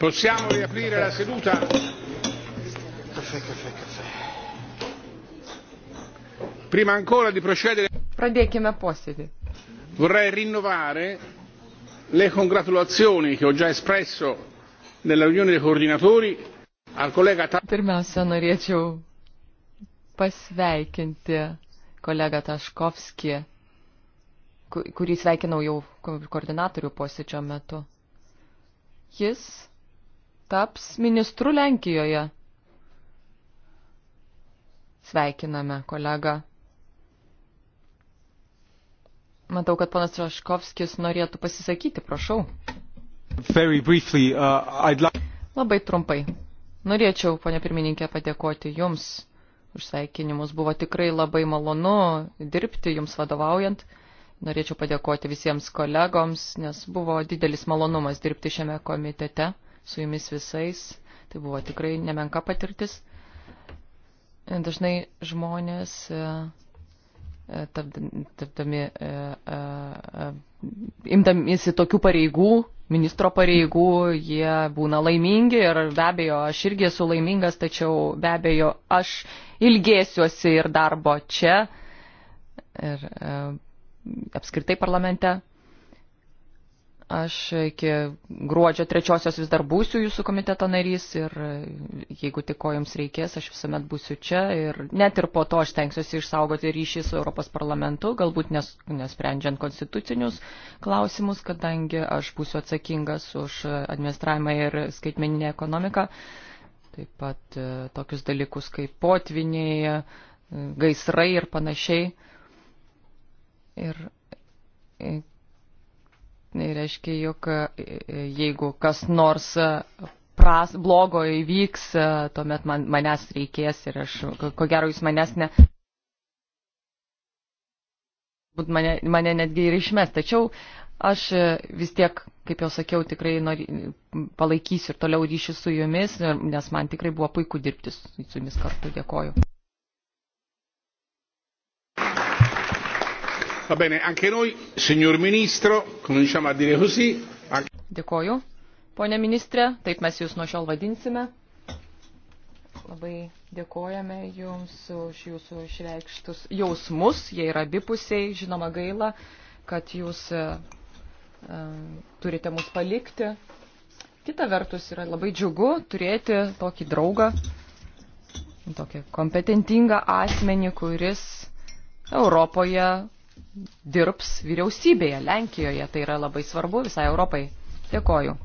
Possiamo riaprire la seduta? Caffè, caffè, caffè. Prima ancora di procedere. Pradėkime posėdį. Vorrei rinnovare le congratulazioni che ho già espresso nella riunione dei coordinatori al collega Pirmiausia, norėčiau pasveikinti kolegą Taškovskį, kurį sveikinau jau koordinatorių posėdžio metu. Jis taps ministru Lenkijoje. Sveikiname, kolega. Matau, kad panas Raškovskis norėtų pasisakyti, prašau. Briefly, uh, like... Labai trumpai. Norėčiau, ponia pirmininkė, padėkoti Jums už sveikinimus. Buvo tikrai labai malonu dirbti Jums vadovaujant. Norėčiau padėkoti visiems kolegoms, nes buvo didelis malonumas dirbti šiame komitete su jumis visais. Tai buvo tikrai nemenka patirtis. Dažnai žmonės, e, e, tapdami, e, imdamiesi tokių pareigų, ministro pareigų, jie būna laimingi ir be abejo, aš irgi esu laimingas, tačiau be abejo, aš ilgėsiuosi ir darbo čia ir apskritai parlamente Aš iki gruodžio trečiosios vis dar būsiu jūsų komiteto narys ir e, jeigu tik ko jums reikės, aš visuomet būsiu čia ir net ir po to aš tenksiuosi išsaugoti ryšį su Europos parlamentu, galbūt nes, nesprendžiant konstitucinius klausimus, kadangi aš būsiu atsakingas už administravimą ir skaitmeninę ekonomiką, taip pat e, tokius dalykus kaip potviniai, e, gaisrai ir panašiai. Ir Tai reiškia, jog e, jeigu kas nors e, pras, blogo įvyks, e, tuomet man, manęs reikės ir aš, ko gero, jūs manęs ne. Mane, mane netgi ir išmes. Tačiau aš vis tiek, kaip jau sakiau, tikrai nori, palaikysiu ir toliau ryšį su jumis, nes man tikrai buvo puiku dirbti su jumis kartu. Dėkoju. Va bene, anche noi, signor ministro, cominciamo a dire così. Anche... Dėkoju, ponė ministrė, taip mes jūs nuo šiol vadinsime. Labai dėkojame jums už jūsų išreikštus jausmus, jie yra abipusiai, žinoma gaila, kad jūs e, e, turite mus palikti. Kita vertus yra labai džiugu turėti tokį draugą, tokį kompetentingą asmenį, kuris Europoje dirbs vyriausybėje Lenkijoje. Tai yra labai svarbu visai Europai. Dėkoju.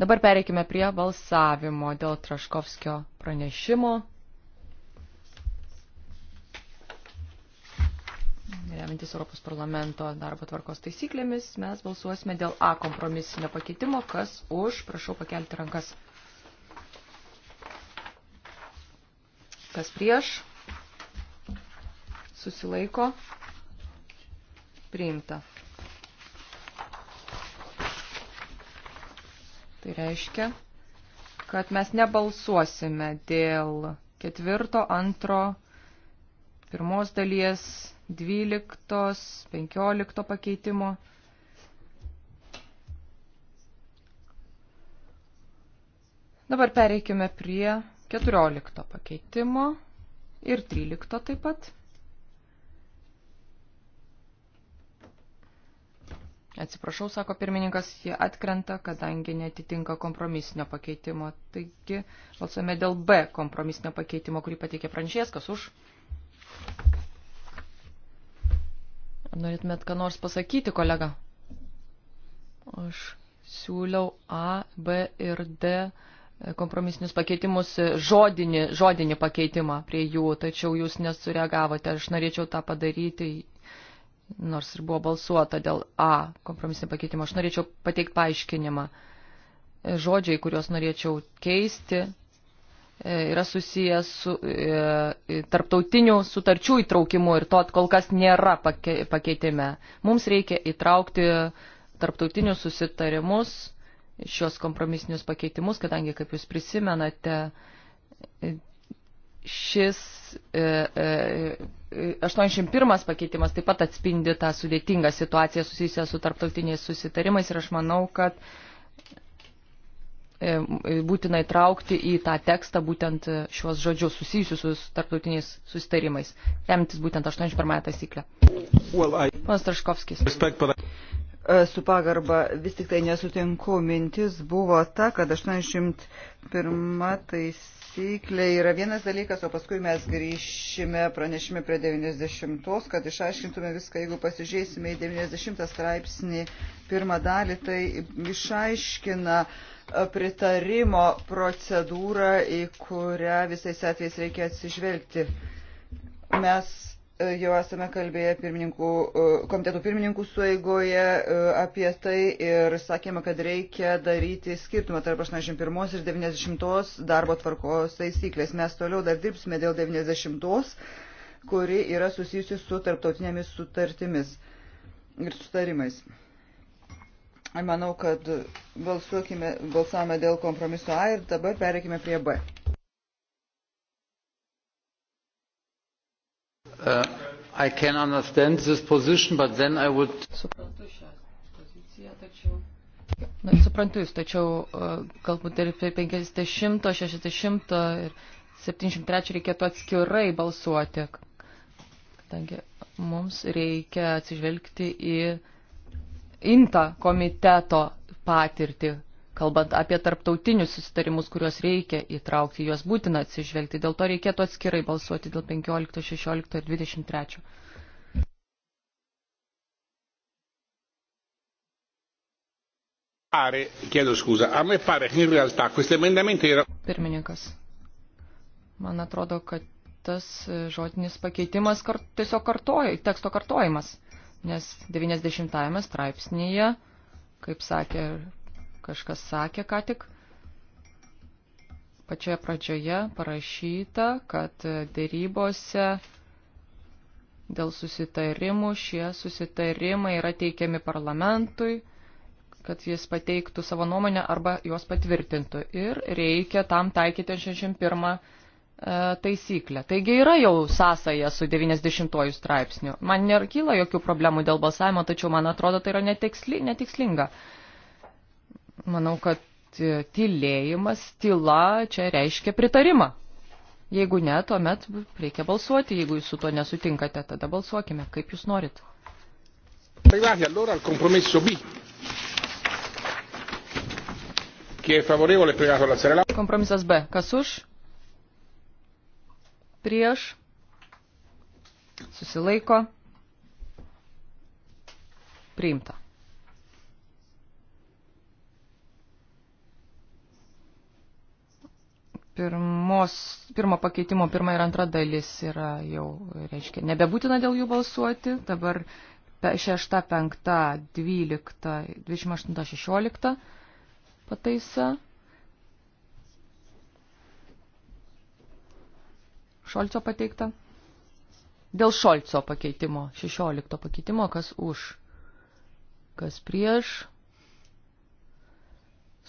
Dabar pereikime prie balsavimo dėl Traškovskio pranešimo. Remintis Europos parlamento darbo tvarkos taisyklėmis, mes balsuosime dėl A kompromisinio pakeitimo. Kas už, prašau pakelti rankas. Kas prieš? Susilaiko priimta. Tai reiškia, kad mes nebalsuosime dėl ketvirto, antro, pirmos dalies, dvyliktos, penkiolikto pakeitimo. Dabar pereikime prie keturiolikto pakeitimo ir trylikto taip pat. Atsiprašau, sako pirmininkas, jie atkrenta, kadangi netitinka kompromisinio pakeitimo. Taigi, balsuojame dėl B kompromisinio pakeitimo, kurį pateikė pranešėjas, kas už. Ar norėtumėt ką nors pasakyti, kolega? Aš siūliau A, B ir D kompromisinius pakeitimus, žodinį, žodinį pakeitimą prie jų, tačiau jūs nesureagavote. Aš norėčiau tą padaryti, nors ir buvo balsuota dėl A kompromisinio pakeitimo. Aš norėčiau pateikti paaiškinimą. E, žodžiai, kuriuos norėčiau keisti, e, yra susijęs su e, tarptautinių sutarčių įtraukimu ir to kol kas nėra pake, pakeitime. Mums reikia įtraukti tarptautinius susitarimus, šios kompromisinius pakeitimus, kadangi, kaip jūs prisimenate, šis 81 e, e, pakeitimas taip pat atspindi tą sudėtingą situaciją susijusią su tarptautiniais susitarimais ir aš manau, kad e, būtina įtraukti į tą tekstą būtent šiuos žodžius susijusius su tarptautiniais susitarimais, remtis būtent 81 taisyklę. Well, I... Ponas Traškovskis. Respect, but I su pagarba vis tik tai nesutinku. Mintis buvo ta, kad 81 pirma taisyklė yra vienas dalykas, o paskui mes grįšime, pranešime prie 90, kad išaiškintume viską, jeigu pasižiūrėsime į 90 straipsnį pirmą dalį, tai išaiškina e, pritarimo procedūrą, į kurią visais atvejais reikia atsižvelgti. Mes E, jau esame kalbėję pirmininkų, e, komitetų pirmininkų sueigoje e, apie tai ir sakėme, kad reikia daryti skirtumą tarp 81 ir 90 darbo tvarkos taisyklės. Mes toliau dar dirbsime dėl 90, kuri yra susijusi su tarptautinėmis sutartimis ir sutarimais. Manau, kad balsuokime, balsavome dėl kompromiso A ir dabar pereikime prie B. Uh, I can understand this position, but then I would... Suprantu šią poziciją, tačiau... Na, suprantu jūs, tačiau uh, galbūt ir 50, 60 ir 73 reikėtų atskirai balsuoti, kadangi mums reikia atsižvelgti į INTA komiteto patirtį, kalbant apie tarptautinius susitarimus, kuriuos reikia įtraukti, juos būtina atsižvelgti. Dėl to reikėtų atskirai balsuoti dėl 15, 16 ir 23. Pare, chiedo scusa, a me pare che in realtà questo emendamento era... Pirmininkas, man atrodo, kad tas e, žodinis pakeitimas kart, tiesiog kartoja, teksto kartojimas, nes 90 straipsnėje, kaip sakė kažkas sakė ką tik. Pačioje pradžioje parašyta, kad dėrybose dėl susitarimų šie susitarimai yra teikiami parlamentui, kad jis pateiktų savo nuomonę arba juos patvirtintų. Ir reikia tam taikyti 61 e, taisyklę. Taigi yra jau sąsaja su 90 straipsniu. Man nėra kyla jokių problemų dėl balsavimo, tačiau man atrodo tai yra netiksli, netikslinga. Manau, kad e, tylėjimas, tyla čia reiškia pritarimą. Jeigu ne, tuomet reikia balsuoti. Jeigu jūs su to nesutinkate, tada balsuokime, kaip jūs norit. Arrivati allora al compromesso B. Chi è favorevole è e pregato ad alzare la. Compromisas B. Kas už? Prieš? Susilaiko? Priimta. pirmos, pirmo pakeitimo pirma ir antra dalis yra jau, reiškia, nebebūtina dėl jų balsuoti. Dabar 6, 5, 12, 28, 16 pataisa. Šolco pateikta. Dėl Šolco pakeitimo, 16 pakeitimo, kas už, kas prieš,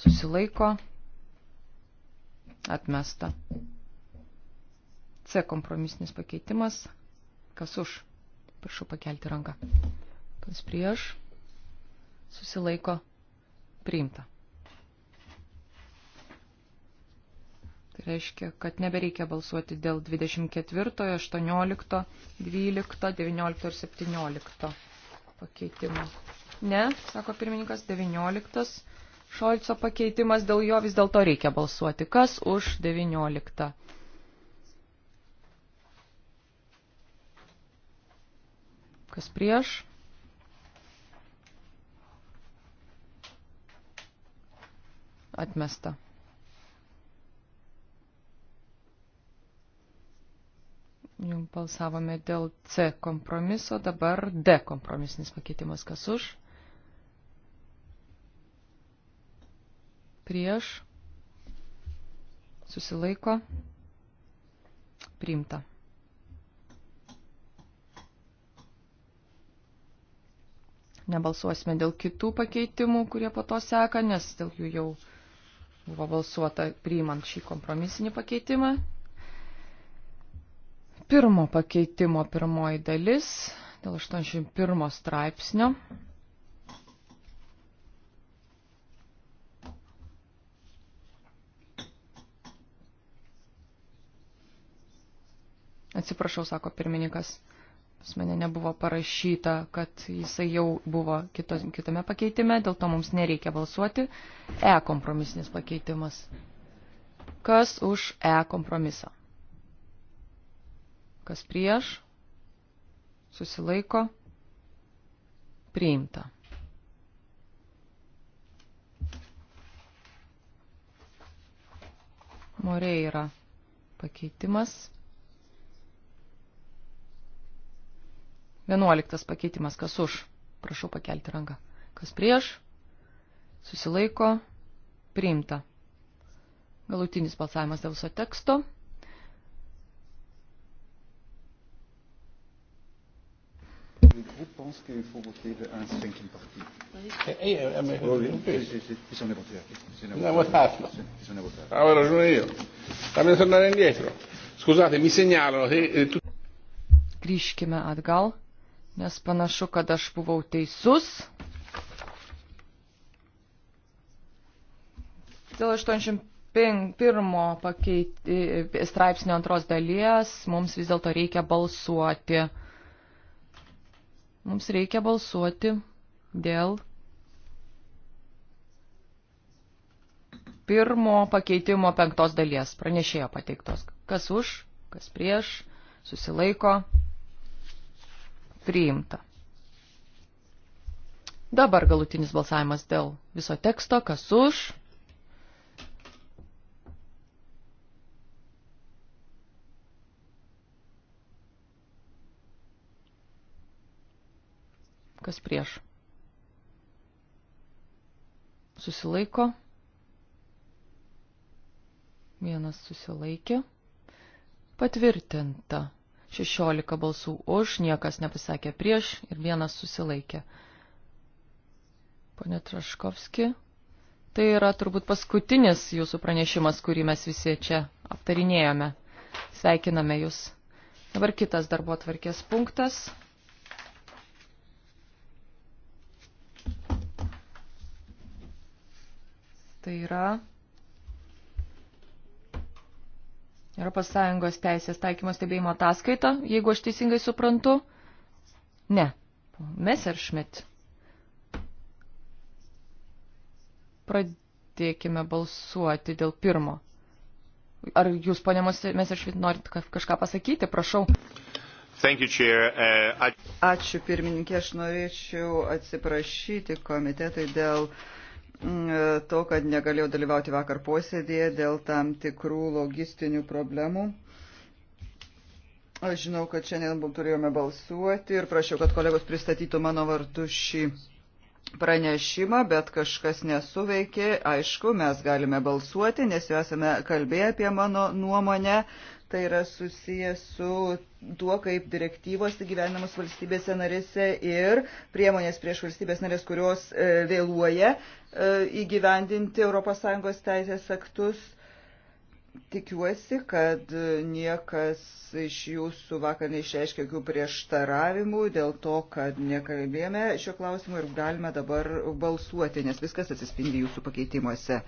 susilaiko. Atmesta. C kompromisinis pakeitimas. Kas už? Prašau pakelti ranką. Kas prieš? Susilaiko. Priimta. Tai reiškia, kad nebereikia balsuoti dėl 24, 18, 12, 19 ir 17 pakeitimo. Ne, sako pirmininkas, 19 Šolco pakeitimas, dėl jo vis dėlto reikia balsuoti. Kas už 19? Kas prieš? Atmesta. Jums balsavome dėl C kompromiso, dabar D kompromisinis pakeitimas. Kas už? prieš, susilaiko, priimta. Nebalsuosime dėl kitų pakeitimų, kurie po to seka, nes dėl jų jau buvo balsuota priimant šį kompromisinį pakeitimą. Pirmo pakeitimo pirmoji dalis dėl 81 straipsnio Atsiprašau, sako pirmininkas. Pas mane nebuvo parašyta, kad jisai jau buvo kitos, kitame pakeitime, dėl to mums nereikia balsuoti. E kompromisinis pakeitimas. Kas už E kompromisą? Kas prieš? Susilaiko? Priimta. Moreira pakeitimas Vienuoliktas pakeitimas, kas už. Prašau pakelti ranką. Kas prieš? Susilaiko. Priimta. Galutinis balsavimas dėl viso teksto. Le groupe pense qu'il faut voter le 1 cinquième partie. Eh, eh, mais... Oui, oui. Bisogna votare. Bisogna votarlo. Bisogna votare. Avevo ragione io. Dobbiamo tornare indietro. Scusate, mi segnalano che... Eh, Grįžkime atgal nes panašu, kad aš buvau teisus. Dėl 81 pakeiti, straipsnio antros dalies mums vis dėlto reikia balsuoti. Mums reikia balsuoti dėl pirmo pakeitimo penktos dalies pranešėjo pateiktos. Kas už, kas prieš, susilaiko priimta. Dabar galutinis balsavimas dėl viso teksto, kas už. Kas prieš? Susilaiko. Vienas susilaikė. Patvirtinta. 16 balsų už, niekas nepasakė prieš ir vienas susilaikė. Pone Traškovski, tai yra turbūt paskutinis jūsų pranešimas, kurį mes visi čia aptarinėjome. Sveikiname jūs. Dabar kitas darbo atvarkės punktas. Tai yra ES teisės taikymo stebėjimo ataskaita, jeigu aš teisingai suprantu. Ne. Messerschmitt. Pradėkime balsuoti dėl pirmo. Ar jūs, ponė Messerschmitt, norit kažką pasakyti? Prašau. You, uh, I... Ačiū pirmininkė, aš norėčiau atsiprašyti komitetai dėl uh, to, kad negalėjau dalyvauti vakar posėdėje dėl tam tikrų logistinių problemų. Aš žinau, kad šiandien turėjome balsuoti ir prašiau, kad kolegos pristatytų mano vardu šį pranešimą, bet kažkas nesuveikė. Aišku, mes galime balsuoti, nes jau esame kalbėję apie mano nuomonę. Uh, Tai yra susijęs su tuo, kaip direktyvos įgyvenamos valstybėse narėse ir priemonės prieš valstybės narės, kurios e, vėluoja e, įgyvendinti ES teisės aktus. Tikiuosi, kad e, niekas iš jūsų vakar neišreiškė jokių prieštaravimų dėl to, kad nekalbėjome šio klausimu ir galime dabar balsuoti, nes viskas atsispindi jūsų pakeitimuose.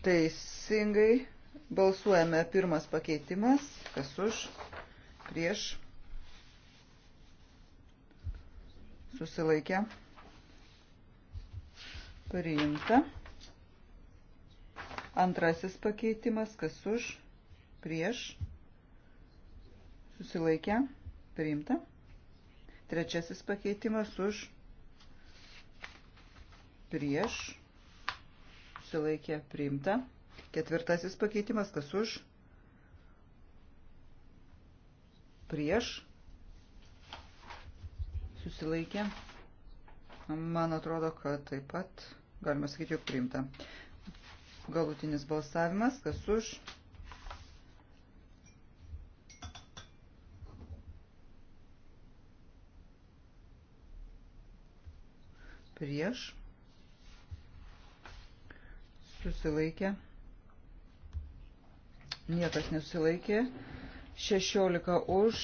Teisingai balsuojame pirmas pakeitimas, kas už, prieš, susilaikę, priimta. Antrasis pakeitimas, kas už, prieš, susilaikę, priimta. Trečiasis pakeitimas už, prieš, susilaikė priimta. Ketvirtasis pakeitimas, kas už, prieš, susilaikė. Man atrodo, kad taip pat galima sakyti, jog priimta. Galutinis balsavimas, kas už. Prieš susilaikė. Niekas nesusilaikė. 16 už,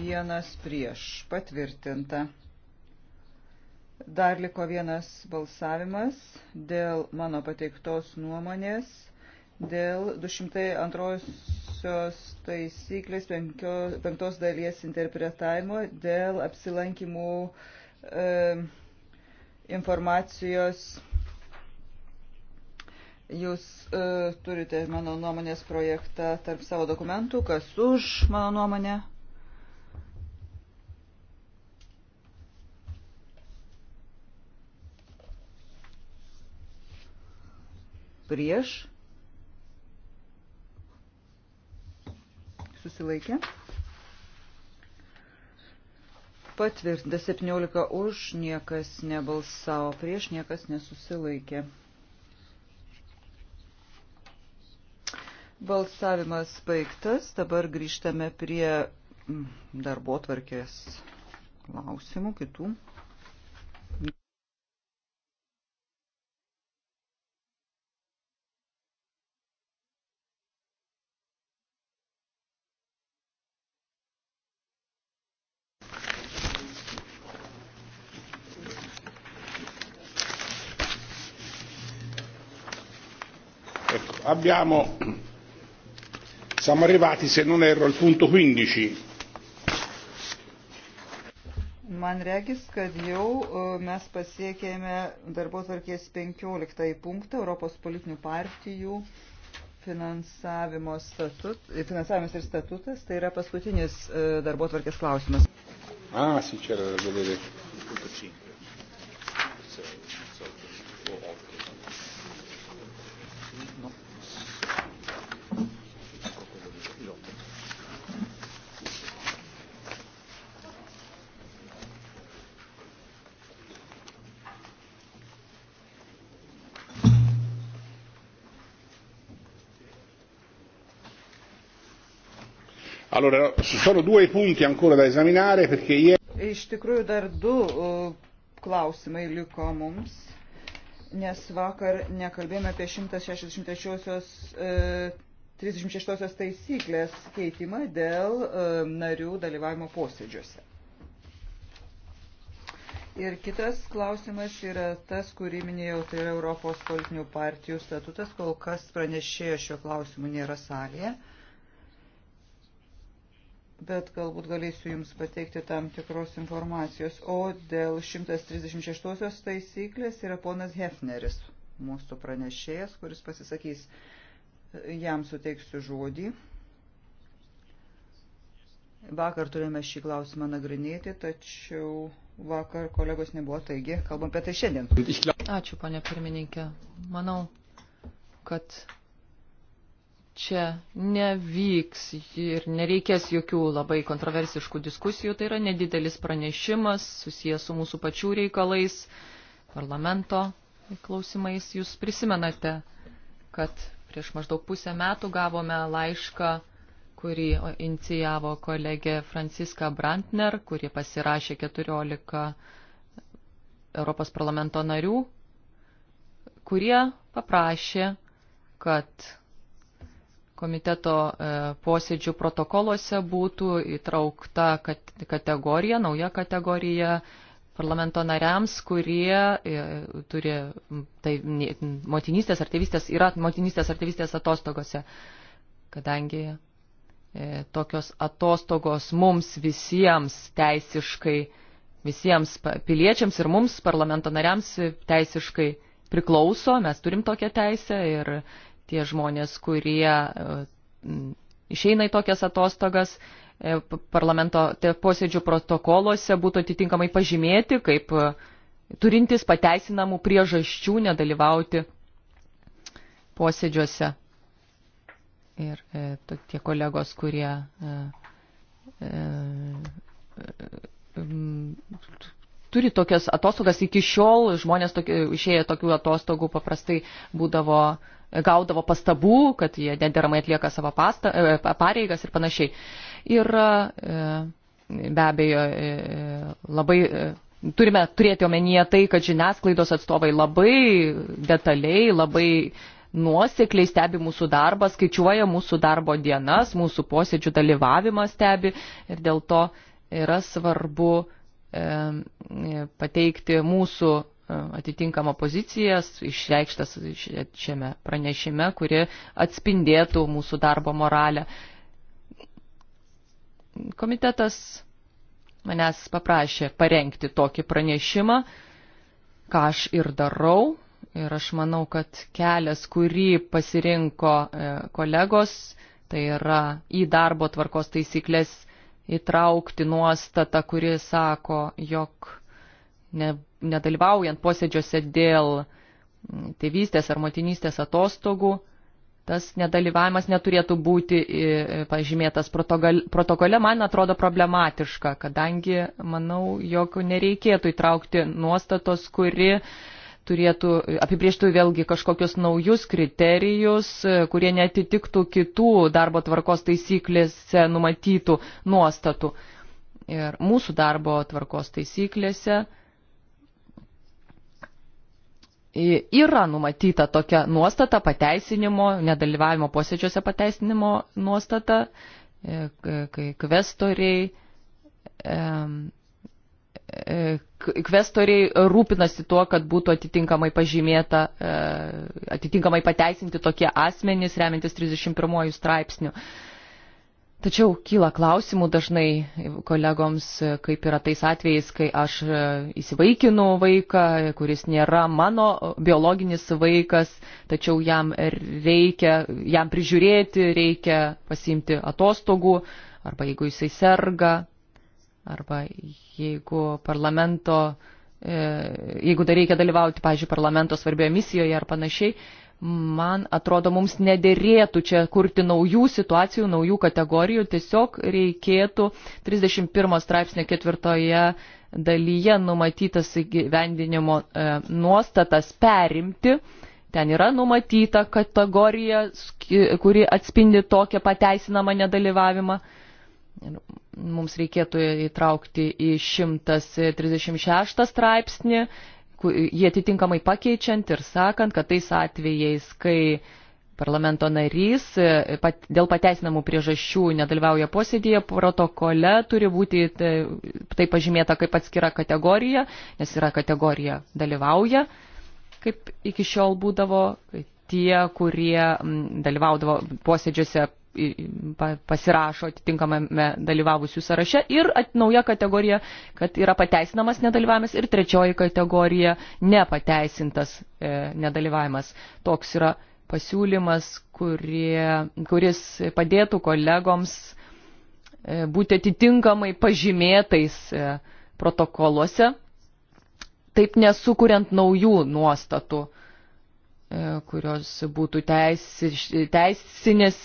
1 prieš. Patvirtinta. Dar liko vienas balsavimas dėl mano pateiktos nuomonės, dėl 202 taisyklės 5 dalies interpretavimo, dėl apsilankimų e, informacijos Jūs uh, turite mano nuomonės projektą tarp savo dokumentų, kas už mano nuomonę. Prieš. Susilaikė. Patvirtinta 17 už, niekas nebalsavo prieš, niekas nesusilaikė. Balsavimas baigtas, dabar grįžtame prie mm, darbo tvarkės klausimų kitų. Abbiamo Siamo arrivati, se non erro, al punto 15. Man regis, kad jau e, mes pasiekėme darbo tvarkės 15 punktą Europos politinių partijų finansavimo statut, e, finansavimas ir statutas. Tai yra paskutinis e, darbo tvarkės klausimas. Ah, sì, c'era da vedere. Allora, sono due punti ancora da esaminare perché ieri... Iš tikrųjų dar du klausimai liko mums, nes vakar nekalbėjome apie 163-osios 36 e, taisyklės keitimą dėl e, narių dalyvavimo posėdžiuose. Ir kitas klausimas yra tas, kurį minėjau, tai yra Europos politinių partijų statutas, kol kas pranešėjo šio klausimu nėra salėje bet galbūt galėsiu Jums pateikti tam tikros informacijos. O dėl 136 taisyklės yra ponas Hefneris, mūsų pranešėjas, kuris pasisakys, jam suteiksiu žodį. Vakar turėjome šį klausimą nagrinėti, tačiau vakar kolegos nebuvo, taigi kalbam apie tai šiandien. Ačiū, ponė pirmininkė. Manau, kad čia nevyks ir nereikės jokių labai kontroversiškų diskusijų. Tai yra nedidelis pranešimas susijęs su mūsų pačių reikalais, parlamento klausimais. Jūs prisimenate, kad prieš maždaug pusę metų gavome laišką, kurį inicijavo kolegė Franciska Brantner, kuri pasirašė 14 Europos parlamento narių, kurie paprašė, kad komiteto e, posėdžių protokoluose būtų įtraukta kategorija, nauja kategorija parlamento nariams, kurie e, turi tai, motinystės ar tėvystės, yra motinystės ar tėvystės atostogose, kadangi e, tokios atostogos mums visiems teisiškai, visiems piliečiams ir mums parlamento nariams teisiškai priklauso, mes turim tokią teisę ir tie žmonės, kurie e, išeina į tokias atostogas, e, parlamento posėdžių protokoluose būtų atitinkamai pažymėti, kaip e, turintis pateisinamų priežasčių nedalyvauti posėdžiuose. Ir tie kolegos, kurie turi tokias atostogas, iki šiol žmonės tokie, išėję tokių atostogų paprastai būdavo gaudavo pastabų, kad jie nederamai atlieka savo pasta, e, pareigas ir panašiai. Ir e, be abejo e, labai turime turėti omenyje tai, kad žiniasklaidos atstovai labai detaliai, labai nuosekliai stebi mūsų darbą, skaičiuoja mūsų darbo dienas, mūsų posėdžių dalyvavimą stebi ir dėl to yra svarbu pateikti mūsų atitinkamą poziciją išreikštas šiame pranešime, kuri atspindėtų mūsų darbo moralę. Komitetas manęs paprašė parengti tokį pranešimą, ką aš ir darau. Ir aš manau, kad kelias, kurį pasirinko e, kolegos, tai yra į darbo tvarkos taisyklės įtraukti nuostatą, kuri sako, jog ne, nedalyvaujant posėdžiuose dėl mm, tėvystės ar motinystės atostogų, tas nedalyvavimas neturėtų būti pažymėtas protokole, man atrodo problematiška, kadangi manau, jog nereikėtų įtraukti nuostatos, kuri turėtų apibrieštų vėlgi kažkokius naujus kriterijus, kurie netitiktų kitų darbo tvarkos taisyklėse numatytų nuostatų. Ir mūsų darbo tvarkos taisyklėse yra numatyta tokia nuostata pateisinimo, nedalyvavimo posėdžiuose pateisinimo nuostata, e, kai kvestoriai. E, kvestoriai rūpinasi tuo, kad būtų atitinkamai pažymėta, e, atitinkamai pateisinti tokie asmenys, remiantis 31 straipsnių. Tačiau kyla klausimų dažnai kolegoms, kaip yra tais atvejais, kai aš e, įsivaikinu vaiką, kuris nėra mano biologinis vaikas, tačiau jam reikia, jam prižiūrėti, reikia pasiimti atostogų, arba jeigu jisai serga, arba jeigu parlamento, e, jeigu dar reikia dalyvauti, pažiūrėjau, parlamento svarbioje misijoje ar panašiai man atrodo, mums nederėtų čia kurti naujų situacijų, naujų kategorijų, tiesiog reikėtų 31 straipsnio ketvirtoje dalyje numatytas įgyvendinimo e, nuostatas perimti. Ten yra numatyta kategorija, kuri atspindi tokią pateisinamą nedalyvavimą. Ir mums reikėtų įtraukti į 136 straipsnį jie atitinkamai pakeičiant ir sakant, kad tais atvejais, kai parlamento narys e, pat, dėl pateisinamų priežasčių nedalyvauja posėdėje, protokole turi būti tai, tai pažymėta kaip atskira kategorija, nes yra kategorija dalyvauja, kaip iki šiol būdavo tie, kurie dalyvaudavo posėdžiuose pasirašo atitinkamame dalyvavusių sąraše ir nauja kategorija, kad yra pateisinamas nedalyvavimas ir trečioji kategorija nepateisintas e, nedalyvavimas. Toks yra pasiūlymas, kurie, kuris padėtų kolegoms e, būti atitinkamai pažymėtais e, protokoluose, taip nesukuriant naujų nuostatų E, kurios būtų teisiš, teisinės,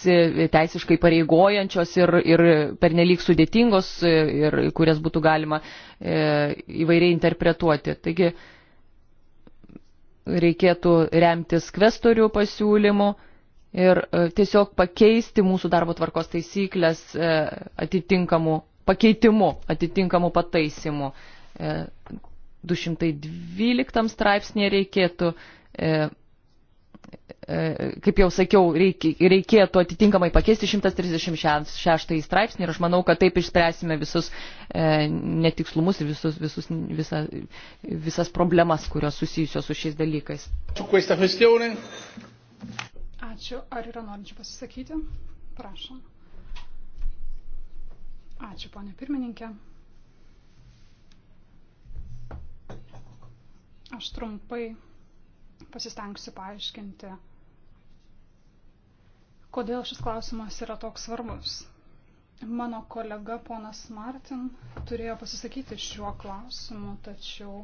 teisiškai pareigojančios ir, ir pernelyg sudėtingos e, ir kurias būtų galima e, įvairiai interpretuoti. Taigi reikėtų remtis kvestorių pasiūlymų ir tiesiog pakeisti mūsų darbo tvarkos taisyklės atitinkamų pakeitimų, atitinkamų pataisimų. 212 straipsnėje reikėtų E, kaip jau sakiau, reikėtų atitinkamai pakeisti 136 straipsnį ir aš manau, kad taip išspręsime visus e, netikslumus ir visus, visus, visa, visas problemas, kurios susijusios su šiais dalykais. Ačiū. Ar yra norinčių pasisakyti? Prašom. Ačiū, ponė pirmininkė. Aš trumpai pasistengsiu paaiškinti, kodėl šis klausimas yra toks svarbus. Mano kolega ponas Martin turėjo pasisakyti šiuo klausimu, tačiau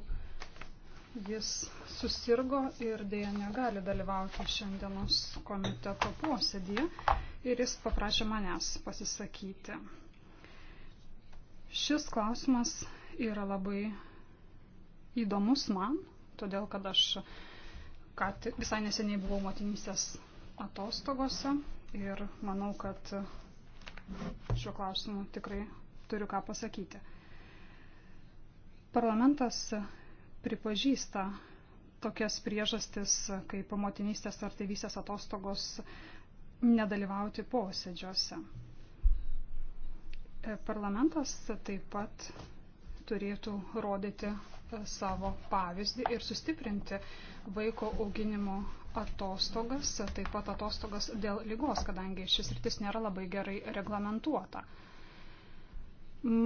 jis susirgo ir dėja negali dalyvauti šiandienos komiteto posėdėje ir jis paprašė manęs pasisakyti. Šis klausimas yra labai įdomus man, todėl kad aš kad visai neseniai buvau motinystės atostogose ir manau, kad šiuo klausimu tikrai turiu ką pasakyti. Parlamentas pripažįsta tokias priežastis, kaip motinystės ar tėvystės atostogos nedalyvauti posėdžiuose. Parlamentas taip pat turėtų rodyti savo pavyzdį ir sustiprinti vaiko auginimo atostogas, taip pat atostogas dėl lygos, kadangi šis rytis nėra labai gerai reglamentuota.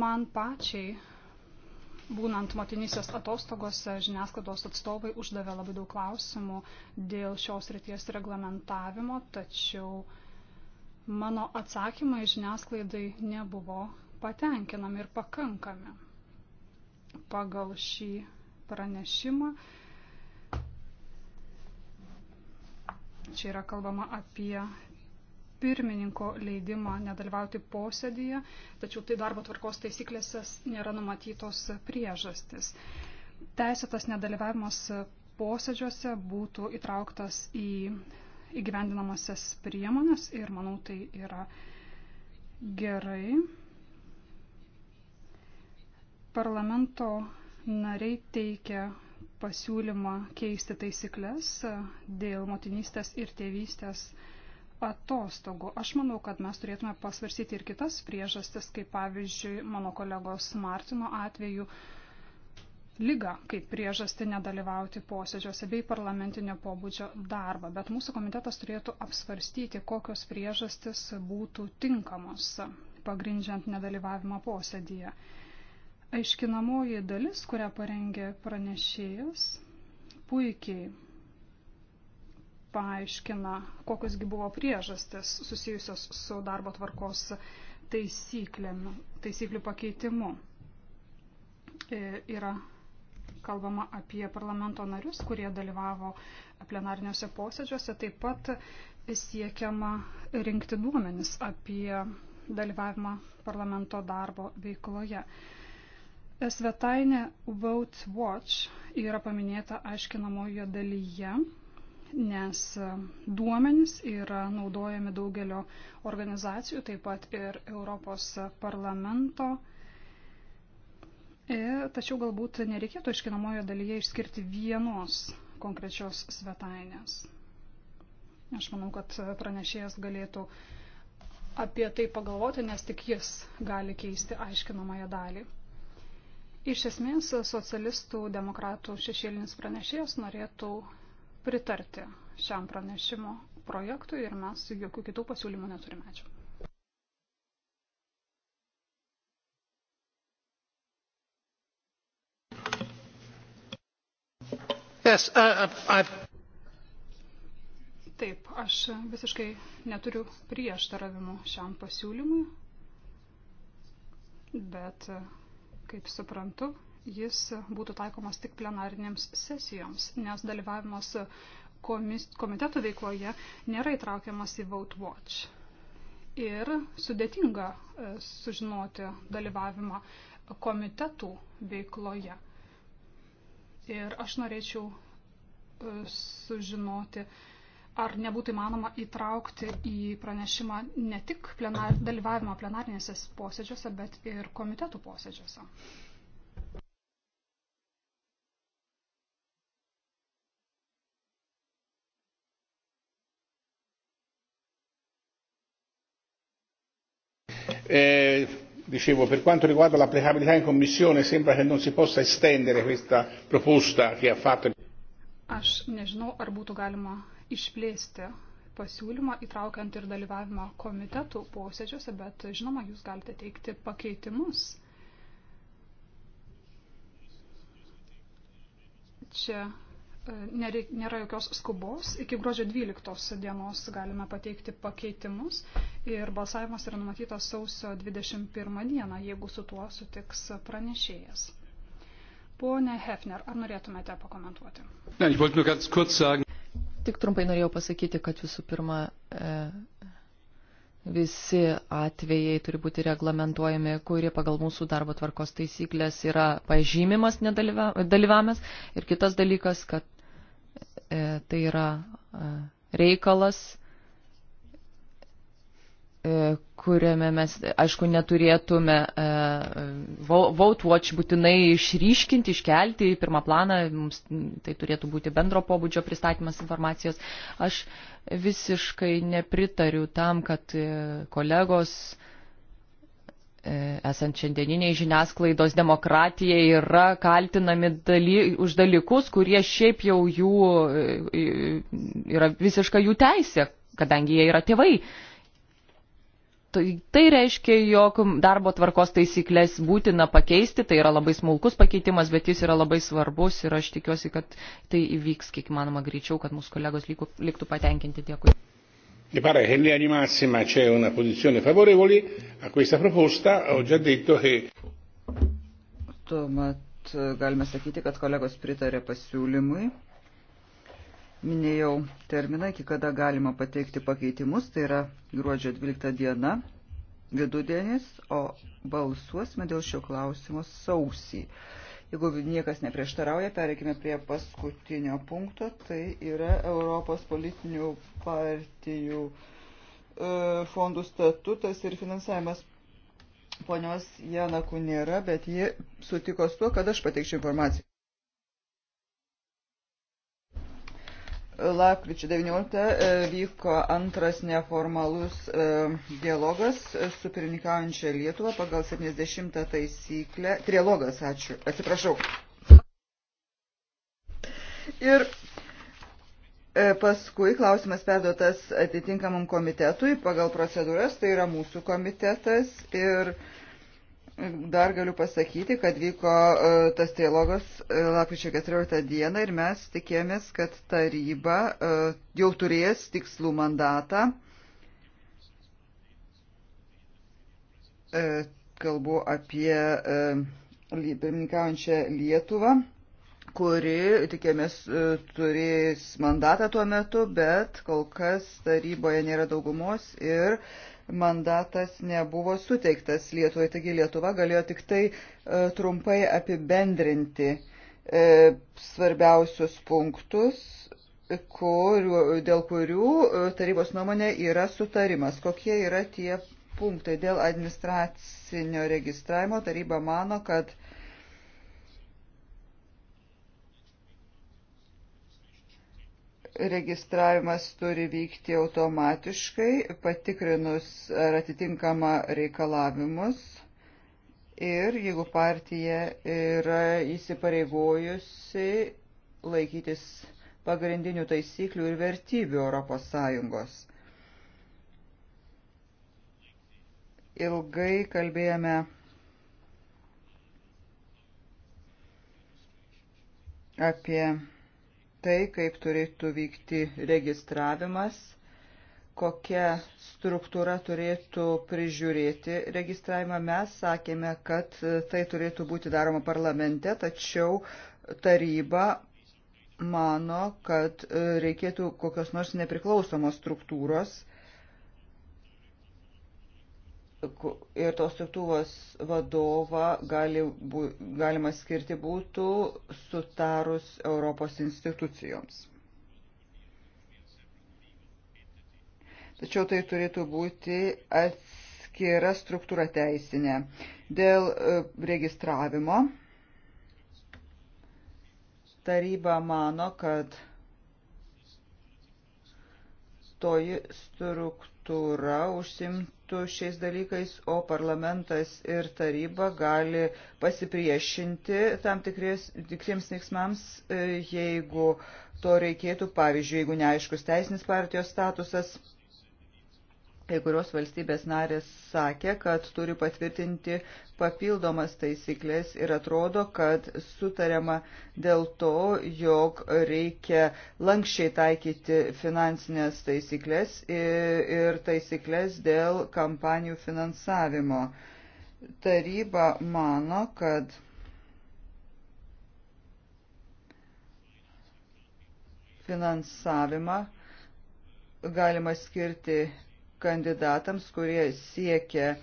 Man pačiai, būnant motinysės atostogose, žiniasklaidos atstovai uždavė labai daug klausimų dėl šios ryties reglamentavimo, tačiau mano atsakymai žiniasklaidai nebuvo patenkinami ir pakankami pagal šį pranešimą. Čia yra kalbama apie pirmininko leidimą nedalyvauti posėdėje, tačiau tai darbo tvarkos taisyklėse nėra numatytos priežastis. Teisėtas nedalyvavimas posėdžiuose būtų įtrauktas į įgyvendinamasias priemonės ir manau tai yra gerai. Parlamento nariai teikia pasiūlymą keisti taisyklės dėl motinystės ir tėvystės atostogų. Aš manau, kad mes turėtume pasvarsyti ir kitas priežastis, kaip pavyzdžiui, mano kolegos Martino atveju lyga kaip priežastį nedalyvauti posėdžiuose bei parlamentinio pobūdžio darbą, bet mūsų komitetas turėtų apsvarstyti, kokios priežastis būtų tinkamos, pagrindžiant nedalyvavimą posėdyje. Aiškinamoji dalis, kurią parengė pranešėjas, puikiai paaiškina, kokiosgi buvo priežastis susijusios su darbo tvarkos taisyklių pakeitimu. E, yra kalbama apie parlamento narius, kurie dalyvavo plenariniuose posėdžiuose, taip pat siekiama rinkti duomenis apie dalyvavimą parlamento darbo veikloje. Svetainė Vote Watch yra paminėta aiškinamojo dalyje, nes duomenys yra naudojami daugelio organizacijų, taip pat ir Europos parlamento. Ir, e, tačiau galbūt nereikėtų aiškinamojo dalyje išskirti vienos konkrečios svetainės. Aš manau, kad pranešėjas galėtų apie tai pagalvoti, nes tik jis gali keisti aiškinamąją dalį. Iš esmės, socialistų demokratų šešėlinis pranešėjas norėtų pritarti šiam pranešimo projektui ir mes jokių kitų pasiūlymų neturime. Ačiū. Yes, uh, uh I've... Taip, aš visiškai neturiu prieštaravimų šiam pasiūlymui, bet kaip suprantu, jis būtų taikomas tik plenarinėms sesijoms, nes dalyvavimas komis, komiteto veikloje nėra įtraukiamas į Vote Watch. Ir sudėtinga e, sužinoti dalyvavimą komitetų veikloje. Ir aš norėčiau e, sužinoti, uh, ar nebūtų įmanoma įtraukti į pranešimą ne tik plenar, dalyvavimą plenarinėse posėdžiuose, bet ir komitetų posėdžiuose. Eh, dicevo, per quanto riguarda l'applicabilità in Commissione sembra che non si possa estendere questa proposta che ha fatto. Aš nežinau, ar būtų galima išplėsti pasiūlymą, įtraukiant ir dalyvavimą komitetų posėdžiuose, bet žinoma, jūs galite teikti pakeitimus. Čia e, nėra jokios skubos. Iki gruodžio 12 dienos galime pateikti pakeitimus ir balsavimas yra numatytas sausio 21 dieną, jeigu su tuo sutiks pranešėjas. Pone Hefner, ar norėtumėte pakomentuoti? Ne, Tik trumpai norėjau pasakyti, kad visų pirma, e, visi atvejai turi būti reglamentuojami, kurie pagal mūsų darbo tvarkos taisyklės yra pažymimas dalyvavimas. Ir kitas dalykas, kad e, tai yra e, reikalas E, kuriame mes, aišku, neturėtume e, Vote Watch būtinai išryškinti, iškelti į pirmą planą, mums tai turėtų būti bendro pobūdžio pristatymas informacijos. Aš visiškai nepritariu tam, kad e, kolegos esant šiandieniniai žiniasklaidos demokratijai yra kaltinami daly, už dalykus, kurie šiaip jau jų yra visiška jų teisė, kadangi jie yra tėvai. Uh, Tai, tai reiškia, jog darbo tvarkos taisyklės būtina pakeisti, tai yra labai smulkus pakeitimas, bet jis yra labai svarbus ir aš tikiuosi, kad tai įvyks kiek manoma greičiau, kad mūsų kolegos likų, liktų patenkinti. Dėkui. Mi pare che in linea di massima c'è una posizione favorevole a questa proposta, ho già detto che. Tuomet eh, galime sakyti, kad kolegos pritarė pasiūlymui minėjau terminą, iki kada galima pateikti pakeitimus, tai yra gruodžio 12 diena, vidudienis, o balsuosime dėl šio klausimo sausį. Jeigu niekas neprieštarauja, pereikime prie paskutinio punkto, tai yra Europos politinių partijų e, fondų statutas ir finansavimas. Ponios Janakų nėra, bet ji sutiko su tuo, kad aš pateikčiau informaciją. Lapkričio 19 e, vyko antras neformalus e, dialogas e, su pirmininkaujančia Lietuva pagal 70 taisyklę. Trialogas, ačiū. Atsiprašau. Ir paskui klausimas perduotas atitinkamam komitetui pagal procedūras, tai yra mūsų komitetas. Ir Dar galiu pasakyti, kad vyko e, tas trilogas e, lapkričio 14 dieną ir mes tikėjomės, kad taryba e, jau turės tikslų mandatą. Kalbu apie pirmininkaujančią Lietuvą, kuri tikėjomės turės mandatą tuo metu, bet kol kas taryboje nėra daugumos ir uh, mandatas nebuvo suteiktas Lietuvai, taigi Lietuva galėjo tik tai e, trumpai apibendrinti e, svarbiausius punktus, kurių, dėl kurių e, tarybos nuomonė yra sutarimas. Kokie yra tie punktai dėl administracinio registravimo? Taryba mano, kad registravimas turi vykti automatiškai, patikrinus ar atitinkama reikalavimus. Ir jeigu partija yra įsipareigojusi laikytis pagrindinių taisyklių ir vertybių Europos Sąjungos. Ilgai kalbėjome apie tai, kaip turėtų vykti registravimas, kokia struktūra turėtų prižiūrėti registravimą. Mes sakėme, kad tai turėtų būti daroma parlamente, tačiau taryba mano, kad reikėtų kokios nors nepriklausomos struktūros ir tos struktūros vadovą gali, bu, galima skirti būtų sutarus Europos institucijoms. Tačiau tai turėtų būti atskira struktūra teisinė. Dėl e, registravimo taryba mano, kad toji struktūra užsimt su šiais dalykais, o parlamentas ir taryba gali pasipriešinti tam tikrės, tikriems veiksmams, e, jeigu to reikėtų, pavyzdžiui, jeigu neaiškus teisinis partijos statusas Kai kurios valstybės narės sakė, kad turi patvirtinti papildomas taisyklės ir atrodo, kad sutariama dėl to, jog reikia lankščiai taikyti finansinės taisyklės ir taisyklės dėl kampanijų finansavimo. Taryba mano, kad finansavimą galima skirti kandidatams, kurie siekia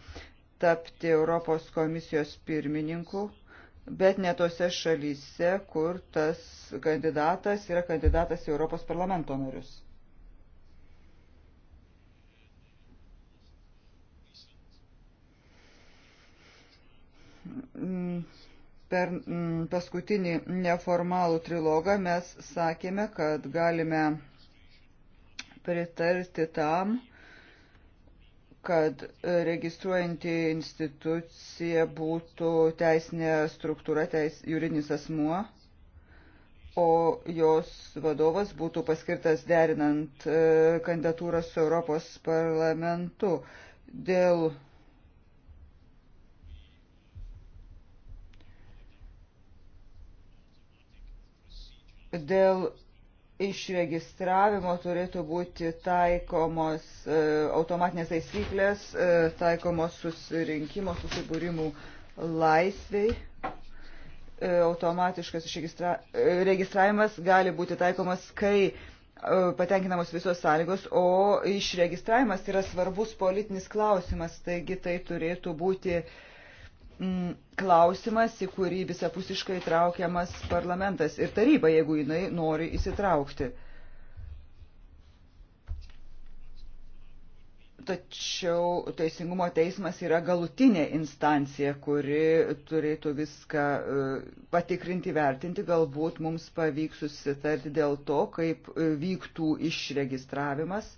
tapti Europos komisijos pirmininku, bet ne tose šalyse, kur tas kandidatas yra kandidatas į Europos parlamento narius. Per mm, paskutinį neformalų trilogą mes sakėme, kad galime pritarti tam, kad registruojanti institucija būtų teisinė struktūra, teis, juridinis asmuo, o jos vadovas būtų paskirtas derinant e, kandidatūrą su Europos parlamentu dėl dėl išregistravimo turėtų būti taikomos e, automatinės taisyklės, e, taikomos susirinkimo, susibūrimų laisviai. E, automatiškas išregistra... e, registravimas gali būti taikomas, kai e, patenkinamos visos sąlygos, o išregistravimas yra svarbus politinis klausimas, taigi tai turėtų būti e, klausimas, į kurį visapusiškai traukiamas parlamentas ir taryba, jeigu jinai nori įsitraukti. Tačiau Teisingumo teismas yra galutinė instancija, kuri turėtų viską e, patikrinti, vertinti. Galbūt mums pavyks susitarti dėl to, kaip e, vyktų išregistravimas.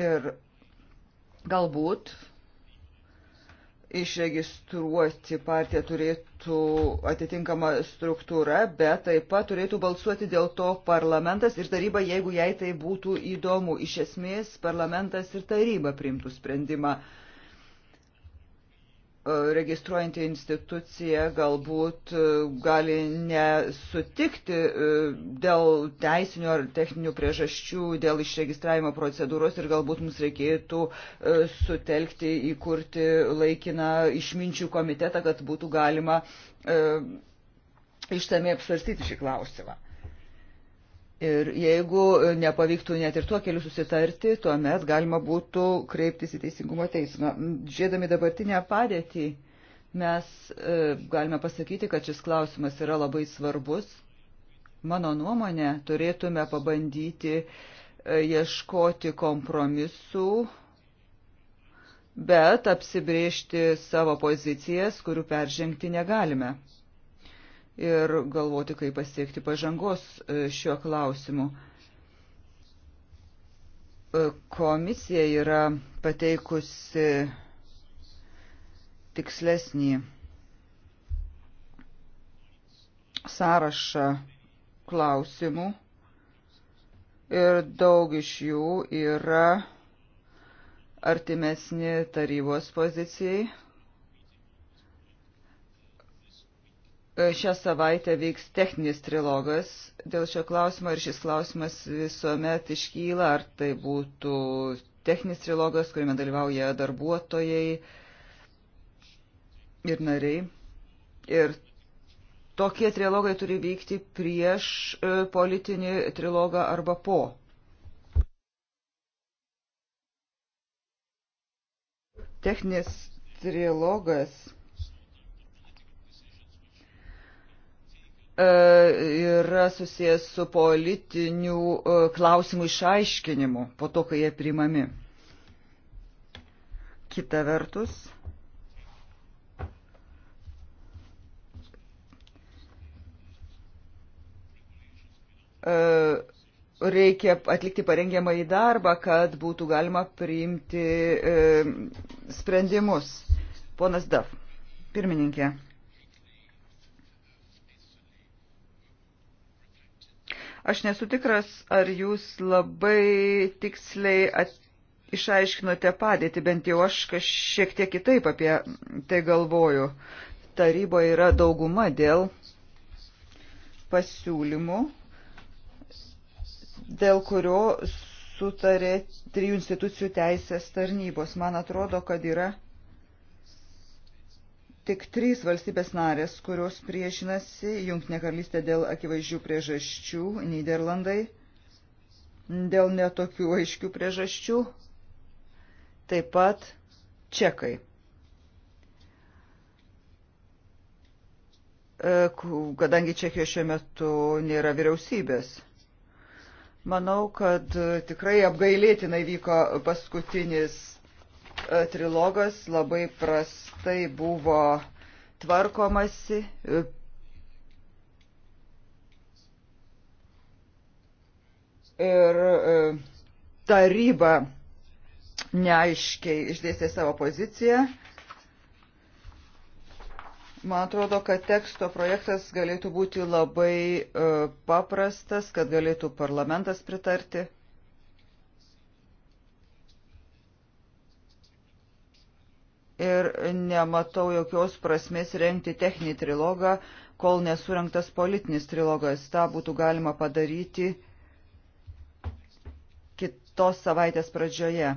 Ir galbūt išregistruoti partiją turėtų atitinkama struktūra, bet taip pat turėtų balsuoti dėl to parlamentas ir taryba, jeigu jai tai būtų įdomu. Iš esmės parlamentas ir taryba priimtų sprendimą. Uh, E, registruojanti institucija galbūt e, gali nesutikti e, dėl teisinių ar techninių priežasčių, dėl išregistravimo procedūros ir galbūt mums reikėtų sutelkti įkurti laikiną išminčių komitetą, kad būtų galima išsamei apsvarstyti šį klausimą. Ir jeigu e, nepavyktų net ir tuo keliu susitarti, tuomet galima būtų kreiptis į Teisingumo teismą. Žiedami dabartinę padėtį, mes e, galime pasakyti, kad šis klausimas yra labai svarbus. Mano nuomonė, turėtume pabandyti e, ieškoti kompromisų, bet apsibriežti savo pozicijas, kurių peržengti negalime ir galvoti, kaip pasiekti pažangos e, šiuo klausimu. E, komisija yra pateikusi tikslesnį sąrašą klausimų ir daug iš jų yra artimesni tarybos pozicijai, Šią savaitę vyks techninis trilogas dėl šio klausimo ir šis klausimas visuomet iškyla, ar tai būtų techninis trilogas, kuriame dalyvauja darbuotojai ir nariai. Ir tokie trilogai turi vykti prieš e, politinį trilogą arba po. Techninis trilogas E, yra susijęs su politinių e, klausimų išaiškinimu po to, kai jie priimami. Kita vertus. E, reikia atlikti parengiamą į darbą, kad būtų galima priimti sprendimus. Ponas Daf, pirmininkė. Aš nesu tikras, ar jūs labai tiksliai at... išaiškinote padėtį, bent jau aš šiek tiek kitaip apie tai galvoju. Taryboje yra dauguma dėl pasiūlymų, dėl kurio sutarė trijų institucijų teisės tarnybos. Man atrodo, kad yra tik trys valstybės narės, kurios priešinasi Junktinė karalystė dėl akivaizdžių priežasčių, Niderlandai, dėl netokių aiškių priežasčių, taip pat Čekai. E, kadangi Čekijos šiuo metu nėra vyriausybės. Manau, kad tikrai apgailėtinai vyko paskutinis E, trilogas labai prastai buvo tvarkomasi. E, ir e, taryba neaiškiai išdėstė savo poziciją. Man atrodo, kad teksto projektas galėtų būti labai paprastas, kad galėtų parlamentas pritarti. ir nematau jokios prasmės renkti techninį trilogą, kol nesurinktas politinis trilogas. Ta būtų galima padaryti kitos savaitės pradžioje,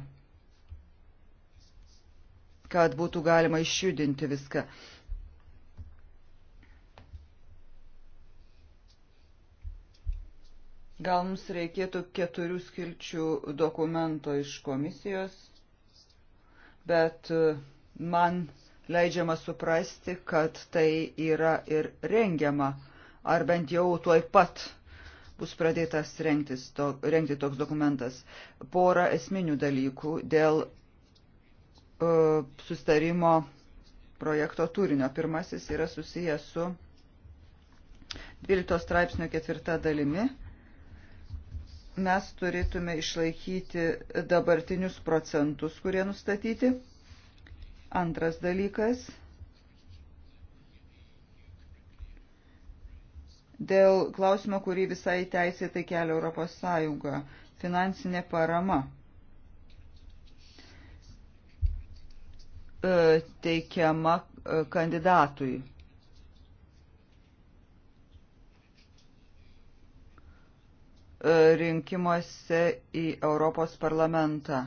kad būtų galima išjudinti viską. Gal mums reikėtų keturių skilčių dokumento iš komisijos, bet man leidžiama suprasti, kad tai yra ir rengiama, ar bent jau tuoj pat bus pradėtas rengtis, to, rengti toks dokumentas. Porą esminių dalykų dėl uh, sustarimo projekto turinio. Pirmasis yra susijęs su 12 straipsnio ketvirta dalimi. Mes turėtume išlaikyti dabartinius procentus, kurie nustatyti Antras dalykas. Dėl klausimo, kurį visai teisėtai kelia Europos Sąjunga - finansinė parama. E, teikiama e, kandidatui. E, rinkimuose į Europos parlamentą.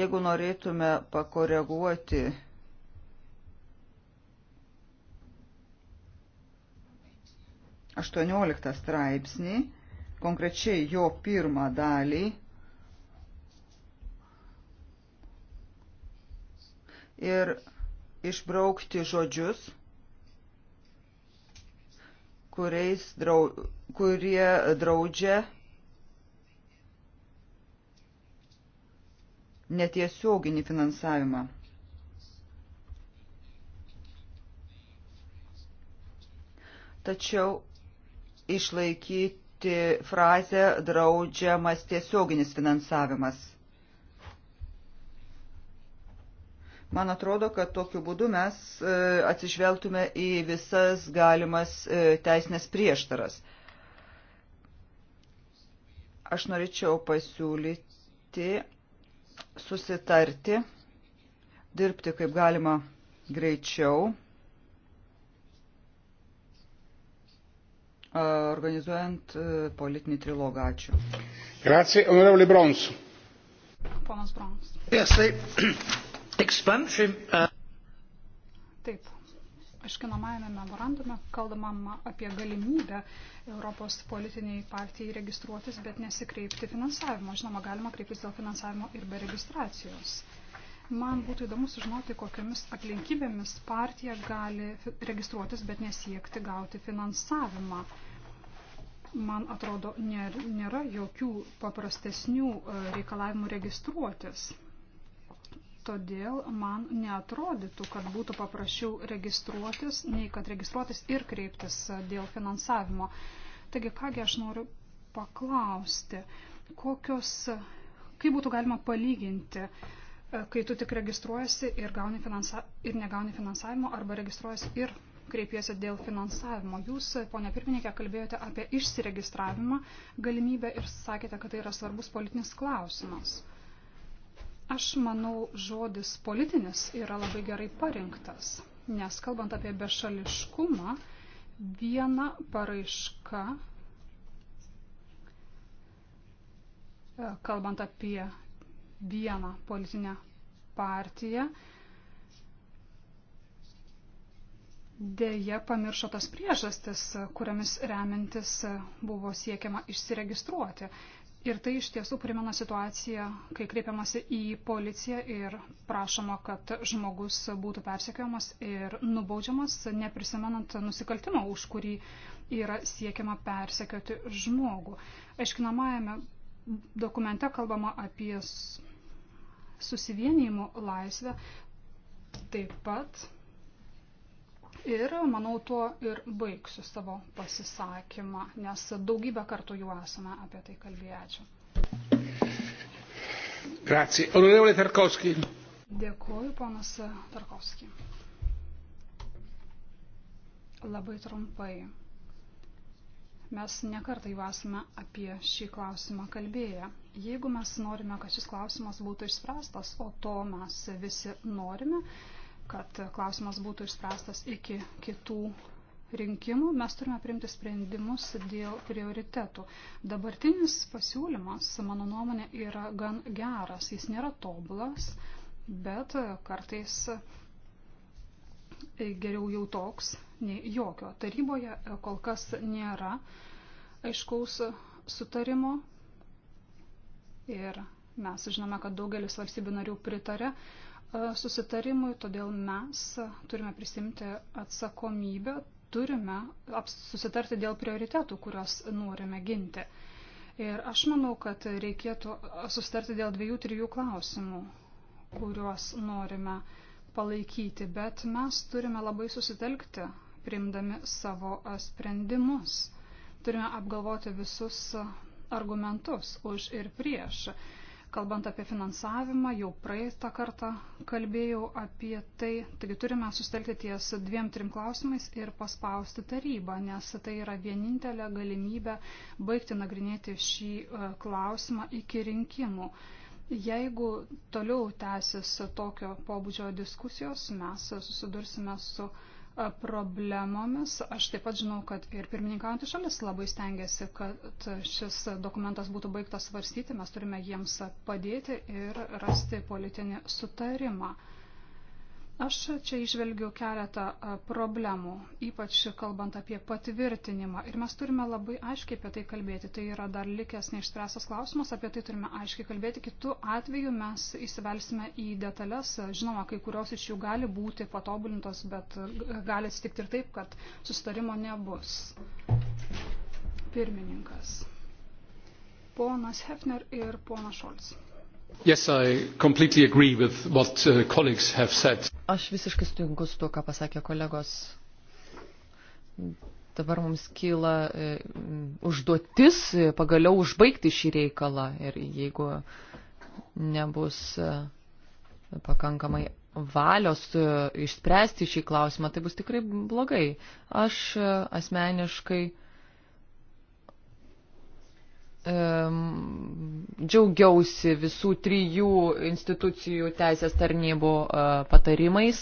Jeigu norėtume pakoreguoti 18 straipsnį, konkrečiai jo pirmą dalį. Ir išbraukti žodžius, kuriais drau, kurie draudžia netiesioginį finansavimą. Tačiau išlaikyti frazę draudžiamas tiesioginis finansavimas. Man atrodo, kad tokiu būdu mes e, atsižvelgtume į visas galimas e, teisinės prieštaras. Aš norėčiau pasiūlyti susitarti, dirbti kaip galima greičiau organizuojant e, politinį trilogą. Ačiū. Grazie, onorevole Brons. Ponas Brons. Yes, expansion, uh... Taip. Aiškinamajame memorandume kalbama apie galimybę Europos politiniai partijai registruotis, bet nesikreipti finansavimo. Žinoma, galima kreiptis dėl finansavimo ir be registracijos. Man būtų įdomu sužinoti, kokiamis aplinkybėmis partija gali registruotis, bet nesiekti gauti finansavimą man atrodo, nėra jokių paprastesnių e, reikalavimų registruotis. Todėl man neatrodytų, kad būtų paprasčiau registruotis, nei kad registruotis ir kreiptis e, dėl finansavimo. Taigi, kągi aš noriu paklausti, kokios, kaip būtų galima palyginti, e, kai tu tik registruojasi ir, gauni finansa, ir negauni finansavimo, arba registruojasi ir kreipiuosi dėl finansavimo. Jūs, ponia pirmininkė, kalbėjote apie išsiregistravimą galimybę ir sakėte, kad tai yra svarbus politinis klausimas. Aš manau, žodis politinis yra labai gerai parinktas, nes kalbant apie bešališkumą, viena paraiška, kalbant apie vieną politinę partiją, dėja pamiršo tas priežastis, kuriamis remintis buvo siekiama išsiregistruoti. Ir tai iš tiesų primena situaciją, kai kreipiamasi į policiją ir prašoma, kad žmogus būtų persekiojamas ir nubaudžiamas, neprisimenant nusikaltimo, už kurį yra siekiama persekioti žmogų. Aiškinamajame dokumente kalbama apie susivienijimų laisvę, taip pat Ir manau, tuo ir baigsiu savo pasisakymą, nes daugybę kartų jau esame apie tai kalbėję. Ačiū. Grazie. Onorevole Tarkovski. Dėkuoju, ponas Tarkovski. Labai trumpai. Mes nekartą jau esame apie šį klausimą kalbėję. Jeigu mes norime, kad šis klausimas būtų išspręstas, o to mes visi norime, kad klausimas būtų išspręstas iki kitų rinkimų, mes turime priimti sprendimus dėl prioritetų. Dabartinis pasiūlymas, mano nuomonė, yra gan geras. Jis nėra tobulas, bet kartais geriau jau toks nei jokio. Taryboje kol kas nėra aiškaus sutarimo ir mes žinome, kad daugelis valstybių narių pritarė E, susitarimui, todėl mes turime prisimti atsakomybę, turime susitarti dėl prioritetų, kuriuos norime ginti. Ir aš manau, kad reikėtų susitarti dėl dviejų, trijų klausimų, kuriuos norime palaikyti, bet mes turime labai susitelkti, priimdami savo sprendimus. Turime apgalvoti visus argumentus už ir prieš. Kalbant apie finansavimą, jau praeitą kartą kalbėjau apie tai, taigi turime sustelkti ties dviem trim klausimais ir paspausti tarybą, nes tai yra vienintelė galimybė baigti nagrinėti šį e, klausimą iki rinkimų. Jeigu toliau tęsis tokio pobūdžio diskusijos, mes susidursime su uh, problemomis. Aš taip pat žinau, kad ir pirmininkaujantys šalis labai stengiasi, kad šis dokumentas būtų baigtas svarstyti. Mes turime jiems padėti ir rasti politinį sutarimą. Aš čia išvelgiu keletą problemų, ypač kalbant apie patvirtinimą. Ir mes turime labai aiškiai apie tai kalbėti. Tai yra dar likęs neišspręstas klausimas, apie tai turime aiškiai kalbėti. Kitu atveju mes įsivelsime į detalės. Žinoma, kai kurios iš jų gali būti patobulintos, bet gali atsitikti ir taip, kad sustarimo nebus. Pirmininkas. Ponas Hefner ir ponas Šolcas. Yes, what, uh, Aš visiškai sutinku su tuo, ką pasakė kolegos. Dabar mums kyla e, užduotis e, pagaliau užbaigti šį reikalą ir jeigu nebus e, pakankamai valios išspręsti šį klausimą, tai bus tikrai blogai. Aš asmeniškai džiaugiausi visų trijų institucijų teisės tarnybų e, patarimais.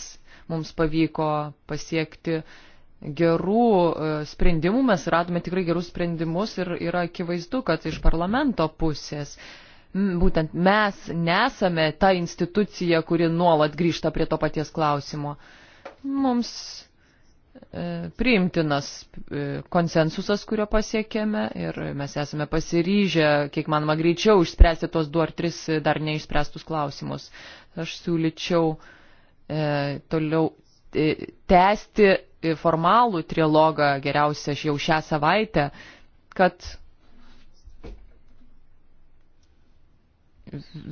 Mums pavyko pasiekti gerų e, sprendimų, mes radome tikrai gerus sprendimus ir yra akivaizdu, kad iš parlamento pusės būtent mes nesame ta institucija, kuri nuolat grįžta prie to paties klausimo. Mums E, priimtinas e, konsensusas, kurio pasiekėme ir mes esame pasiryžę, kiek manoma, greičiau išspręsti tos du ar tris dar neišspręstus klausimus. Aš siūlyčiau e, toliau e, tęsti formalų trilogą, geriausia, aš jau šią savaitę, kad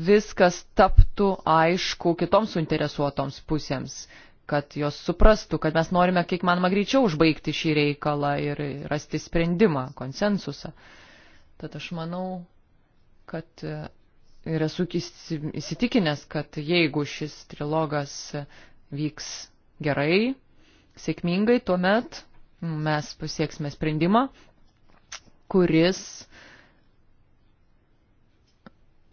viskas taptų aišku kitoms suinteresuotoms pusėms kad jos suprastų, kad mes norime kiek manoma greičiau užbaigti šį reikalą ir rasti sprendimą, konsensusą. Tad aš manau, kad e, ir esu įsitikinęs, kad jeigu šis trilogas vyks gerai, sėkmingai, tuomet mes pasieksime sprendimą, kuris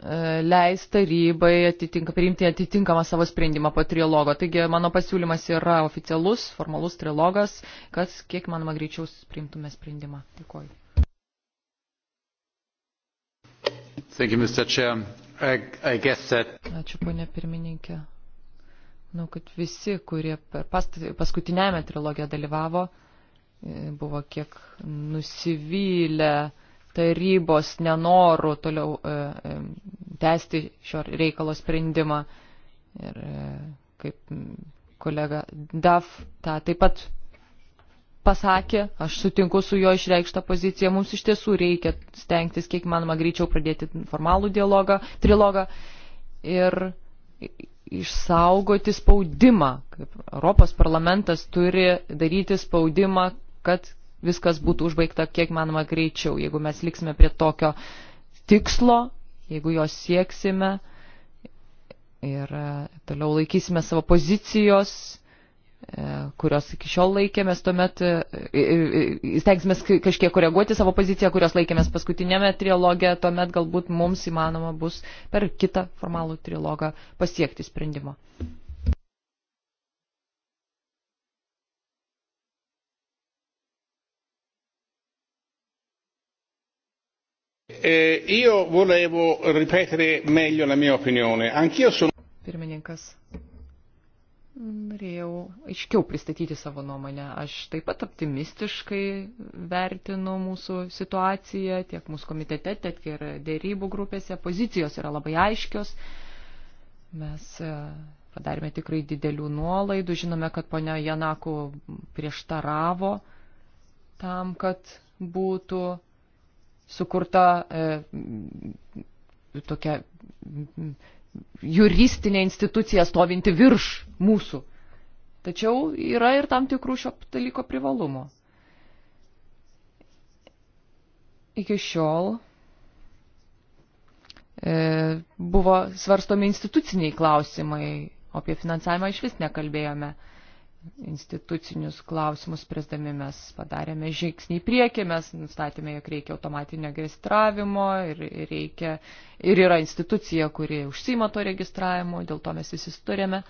E, leis tarybai atitinka, priimti atitinkamą savo sprendimą po trilogo. Taigi mano pasiūlymas yra oficialus, formalus trilogas, kad kiek manoma greičiau priimtume sprendimą. Dėkuoju. Ačiū, ponė pirmininkė. Manau, kad visi, kurie per paskutinėme trilogę dalyvavo, e, buvo kiek nusivylę tarybos nenorų toliau e, e, tęsti šio reikalo sprendimą. Ir e, kaip kolega Daf tą taip pat pasakė, aš sutinku su jo išreikšta pozicija, mums iš tiesų reikia stengtis, kiek manoma, greičiau pradėti formalų dialogą, trilogą ir išsaugoti spaudimą. Kaip Europos parlamentas turi daryti spaudimą, kad viskas būtų užbaigta kiek manoma greičiau. Jeigu mes liksime prie tokio tikslo, jeigu jos sieksime ir e, toliau laikysime savo pozicijos, e, kurios iki šiol laikėmės, tuomet e, stengsime kažkiek koreguoti savo poziciją, kurios laikėmės paskutinėme trilogė, tuomet galbūt mums įmanoma bus per kitą formalų trilogą pasiekti sprendimo. eh, io volevo ripetere meglio la mia opinione. Anch'io sono. Pirmininkas. Norėjau aiškiau pristatyti savo nuomonę. Aš taip pat optimistiškai vertinu mūsų situaciją tiek mūsų komitete, tiek ir dėrybų grupėse. Pozicijos yra labai aiškios. Mes e, padarėme tikrai didelių nuolaidų. Žinome, kad ponia Janaku prieštaravo tam, kad būtų sukurta e, tokia juristinė institucija stovinti virš mūsų. Tačiau yra ir tam tikrų šio dalyko privalumo. Iki šiol e, buvo svarstomi instituciniai klausimai, o apie finansavimą iš vis nekalbėjome. E, institucinius klausimus spręsdami mes padarėme žingsnį į priekį, mes nustatėme, jog reikia automatinio registravimo ir, reikia, ir yra institucija, kuri užsima to registravimo, dėl to mes visi sutarėme.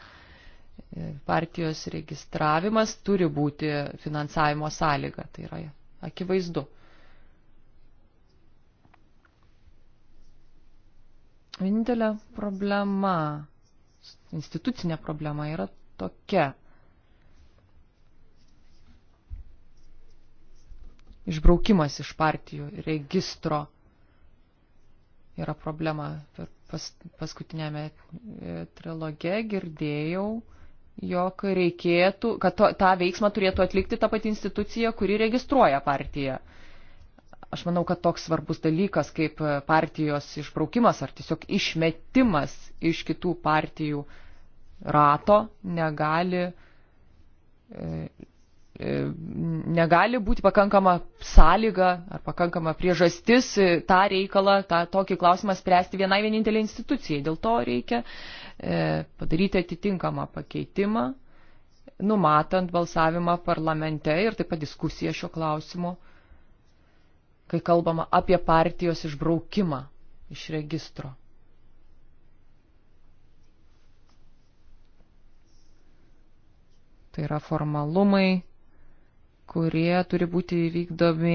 Partijos registravimas turi būti finansavimo sąlyga, tai yra akivaizdu. Vienintelė problema, institucinė problema yra tokia išbraukimas iš partijų registro yra problema. Pas, paskutinėme e, triloge girdėjau, jog reikėtų, kad to, tą veiksmą turėtų atlikti ta pati institucija, kuri registruoja partiją. Aš manau, kad toks svarbus dalykas kaip partijos išbraukimas ar tiesiog išmetimas iš kitų partijų rato negali e, E, negali būti pakankama sąlyga ar pakankama priežastis e, tą reikalą, tą tokį klausimą spręsti vienai vienintelė institucijai. Dėl to reikia e, padaryti atitinkamą pakeitimą, numatant balsavimą parlamente ir taip pat diskusiją šio klausimu, kai kalbama apie partijos išbraukimą iš registro. Tai yra formalumai, kurie turi būti vykdomi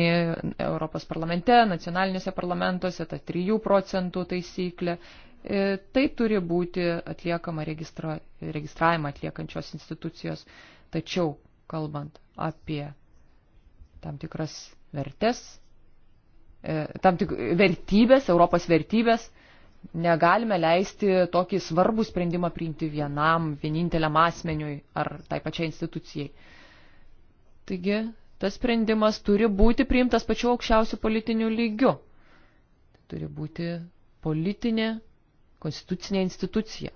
Europos parlamente, nacionaliniuose parlamentuose, ta 3 procentų taisyklė. E, tai turi būti atliekama registra, registravimą atliekančios institucijos. Tačiau, kalbant apie tam tikras vertes, e, tam tik vertybės, Europos vertybės, negalime leisti tokį svarbų sprendimą priimti vienam, vieninteliam asmeniui ar tai pačiai institucijai. Taigi, tas sprendimas turi būti priimtas pačiu aukščiausiu politiniu lygiu. Tai turi būti politinė, konstitucinė institucija.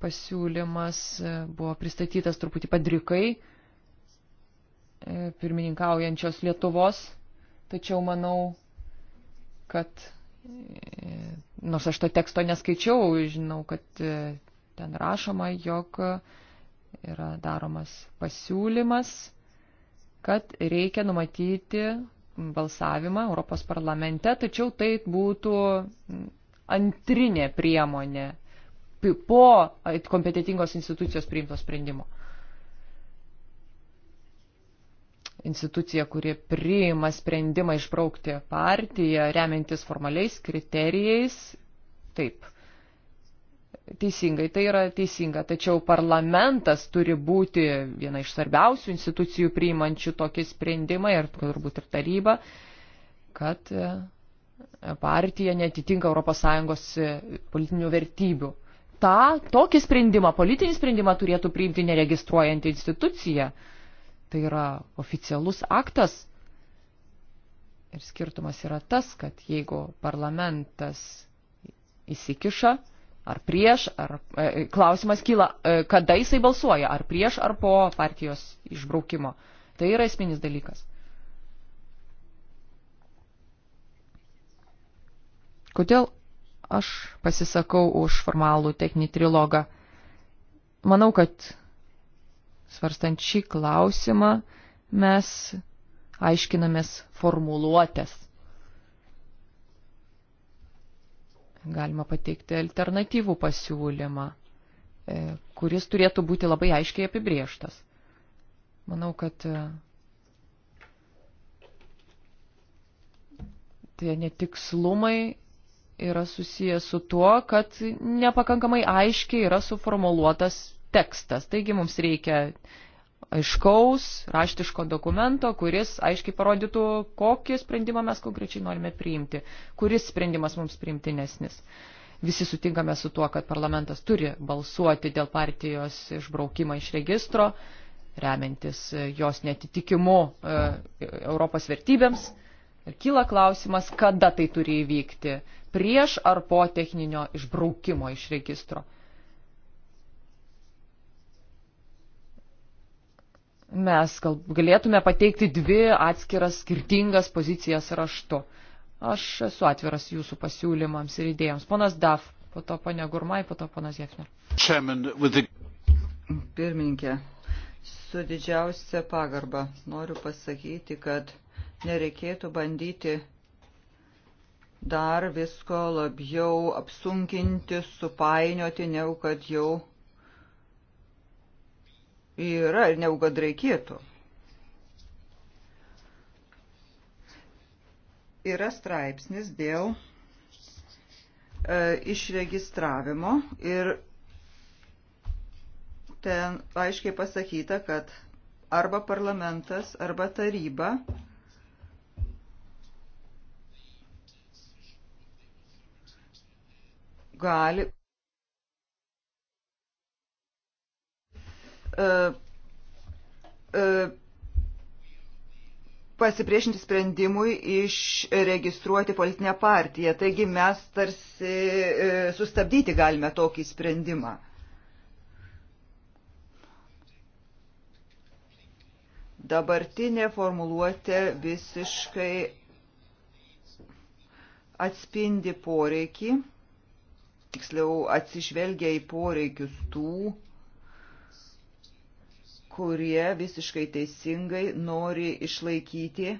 Pasiūlymas e, buvo pristatytas truputį padrikai e, pirmininkaujančios Lietuvos, tačiau manau, kad e, nors aš to teksto neskaičiau, žinau, kad ten rašoma, jog yra daromas pasiūlymas, kad reikia numatyti balsavimą Europos parlamente, tačiau tai būtų antrinė priemonė po kompetitingos institucijos priimto sprendimo. Institucija, kuri priima sprendimą išbraukti partiją, remiantis formaliais kriterijais, taip, Teisingai, tai yra teisinga, tačiau parlamentas turi būti viena iš svarbiausių institucijų priimančių tokį sprendimą ir turbūt ir taryba, kad e, partija netitinka ES e, politinių vertybių. Ta, tokį sprendimą, politinį sprendimą turėtų priimti neregistruojant instituciją. Tai yra oficialus aktas. Ir skirtumas yra tas, kad jeigu parlamentas įsikiša, ar prieš, ar e, klausimas kyla, e, kada jisai balsuoja, ar prieš, ar po partijos išbraukimo. Tai yra esminis dalykas. Kodėl aš pasisakau už formalų techninį trilogą? Manau, kad svarstant šį klausimą mes aiškinamės formuluotės galima pateikti alternatyvų pasiūlymą, e, kuris turėtų būti labai aiškiai apibrieštas. Manau, kad e, tie netikslumai yra susijęs su tuo, kad nepakankamai aiškiai yra suformuoluotas tekstas. Taigi mums reikia aiškaus raštiško dokumento, kuris aiškiai parodytų, kokį sprendimą mes konkrečiai norime priimti, kuris sprendimas mums priimtinesnis. Visi sutinkame su tuo, kad parlamentas turi balsuoti dėl partijos išbraukimo iš registro, remiantis e, jos netitikimu e, Europos vertybėms. Ir kyla klausimas, kada tai turi įvykti - prieš ar po techninio išbraukimo iš registro. mes gal, galėtume pateikti dvi atskiras skirtingas pozicijas raštu. Aš esu atviras jūsų pasiūlymams ir idėjams. Ponas Daf, po to ponia Gurmai, po to ponas Jefner. Pirmininkė, su didžiausia pagarba noriu pasakyti, kad nereikėtų bandyti dar visko labiau apsunkinti, supainioti, negu kad jau yra ir negu kad reikėtų. Yra straipsnis dėl e, išregistravimo ir ten aiškiai pasakyta, kad arba parlamentas, arba taryba gali E, e, pasipriešinti sprendimui išregistruoti politinę partiją. Taigi mes tarsi e, sustabdyti galime tokį sprendimą. Dabartinė formuluotė visiškai atspindi poreikį, tiksliau atsižvelgia į poreikius tų, kurie visiškai teisingai nori išlaikyti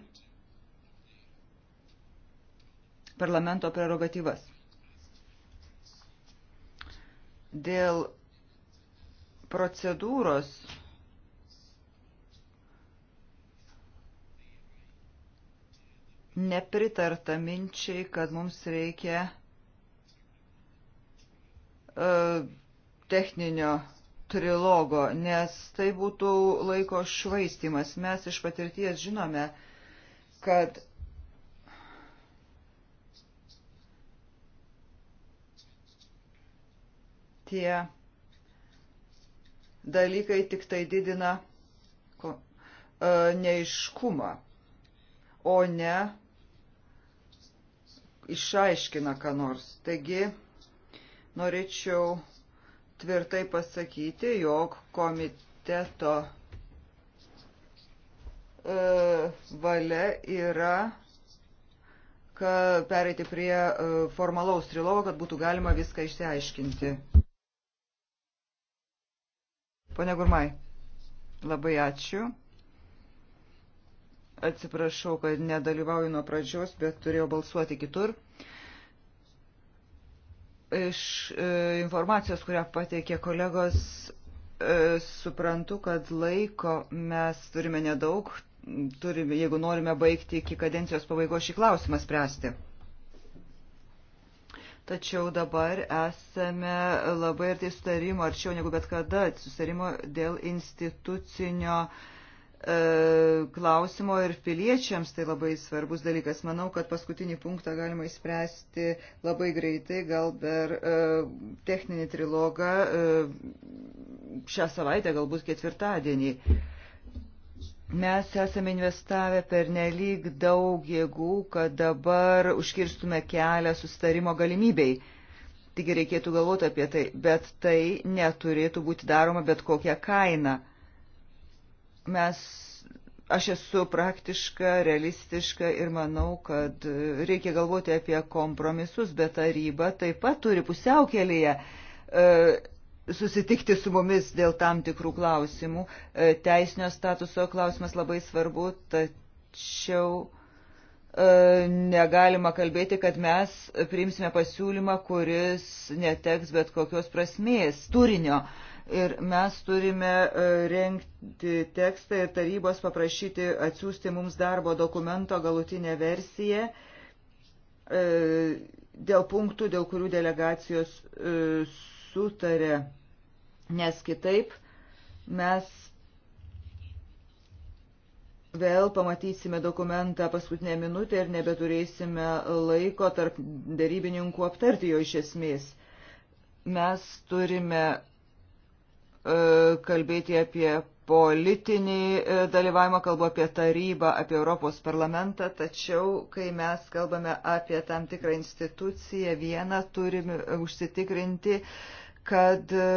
parlamento prerogatyvas. Dėl procedūros nepritarta minčiai, kad mums reikia e, techninio trilogo, nes tai būtų laiko švaistimas. Mes iš patirties žinome, kad tie dalykai tik tai didina e, neiškumą, o ne išaiškina ką nors. Taigi, norėčiau tvirtai pasakyti, jog komiteto e, valia yra pereiti prie e, formalaus trilogo, kad būtų galima viską išsiaiškinti. Pone Gurmai, labai ačiū. Atsiprašau, kad nedalyvauju nuo pradžios, bet turėjau balsuoti kitur. Uh, Iš e, informacijos, kurią pateikė kolegos, e, suprantu, kad laiko mes turime nedaug, turime, jeigu norime baigti iki kadencijos pabaigos šį klausimą spręsti. Tačiau dabar esame labai arti sustarimo, arčiau negu bet kada, sustarimo dėl institucinio uh, E, klausimo ir piliečiams tai labai svarbus dalykas. Manau, kad paskutinį punktą galima įspręsti labai greitai, gal per e, techninį trilogą e, šią savaitę, galbūt ketvirtadienį. Mes esame investavę per nelyg daug jėgų, kad dabar užkirstume kelią sustarimo galimybei. Taigi reikėtų galvoti apie tai, bet tai neturėtų būti daroma bet kokią kainą Mes, aš esu praktiška, realistiška ir manau, kad reikia galvoti apie kompromisus, bet taryba taip pat turi pusiaukelėje e, susitikti su mumis dėl tam tikrų klausimų. E, teisinio statuso klausimas labai svarbu, tačiau e, negalima kalbėti, kad mes priimsime pasiūlymą, kuris neteks bet kokios prasmės, turinio. Uh, ir mes turime e, renkti tekstą ir tarybos paprašyti atsiųsti mums darbo dokumento galutinę versiją e, dėl punktų, dėl kurių delegacijos e, sutarė, nes kitaip mes Vėl pamatysime dokumentą paskutinę minutę ir nebeturėsime laiko tarp darybininkų aptarti jo iš esmės. Mes turime E, kalbėti apie politinį e, dalyvavimą, kalbu apie tarybą, apie Europos parlamentą, tačiau kai mes kalbame apie tam tikrą instituciją, vieną turime užsitikrinti, kad e,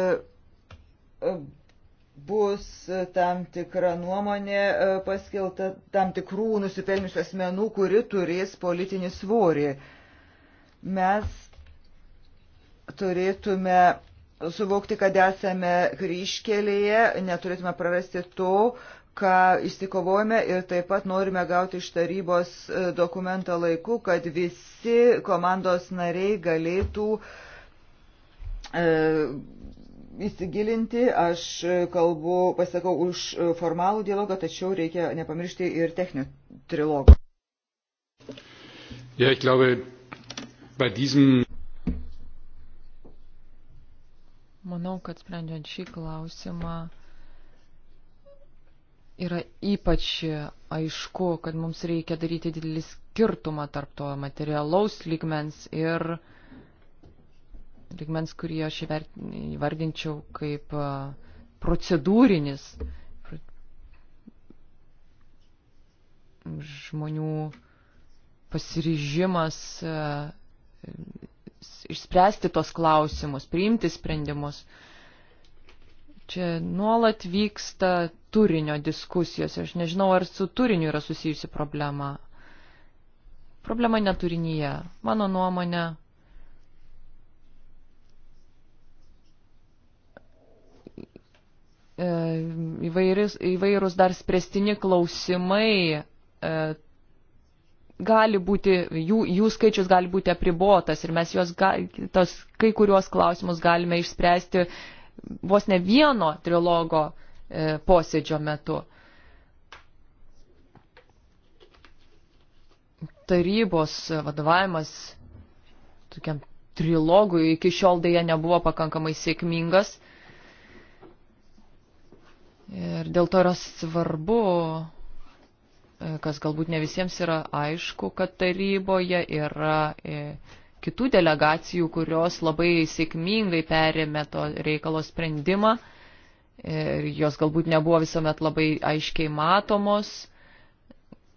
bus tam tikra nuomonė paskilta tam tikrų nusipelniusių asmenų, kuri turės politinį svorį. Mes turėtume suvokti, kad esame kryškelėje, neturėtume prarasti to, ką išsikovojame ir taip pat norime gauti iš tarybos e, dokumentą laiku, kad visi komandos nariai galėtų e, įsigilinti. Aš kalbu, pasakau, už formalų dialogą, tačiau reikia nepamiršti ir techninio trilogo. Ja, ich glaube, bei diesem manau, kad sprendžiant šį klausimą yra ypač aišku, kad mums reikia daryti didelį skirtumą tarp to materialaus lygmens ir lygmens, kurį aš įvardinčiau kaip procedūrinis žmonių pasiryžimas išspręsti tos klausimus, priimti sprendimus. Čia nuolat vyksta turinio diskusijos. Aš nežinau, ar su turiniu yra susijusi problema. Problema neturinyje. Mano nuomonė. E, įvairūs, įvairūs dar spręstini klausimai e, gali būti, jų, jų skaičius gali būti apribotas ir mes juos, tos kai kuriuos klausimus galime išspręsti vos ne vieno trilogo e, posėdžio metu. Tarybos vadovavimas tokiam trilogui iki šiol dėja nebuvo pakankamai sėkmingas. Ir dėl to yra svarbu kas galbūt ne visiems yra aišku, kad taryboje yra e, kitų delegacijų, kurios labai sėkmingai perėmė to reikalo sprendimą. E, jos galbūt nebuvo visuomet labai aiškiai matomos,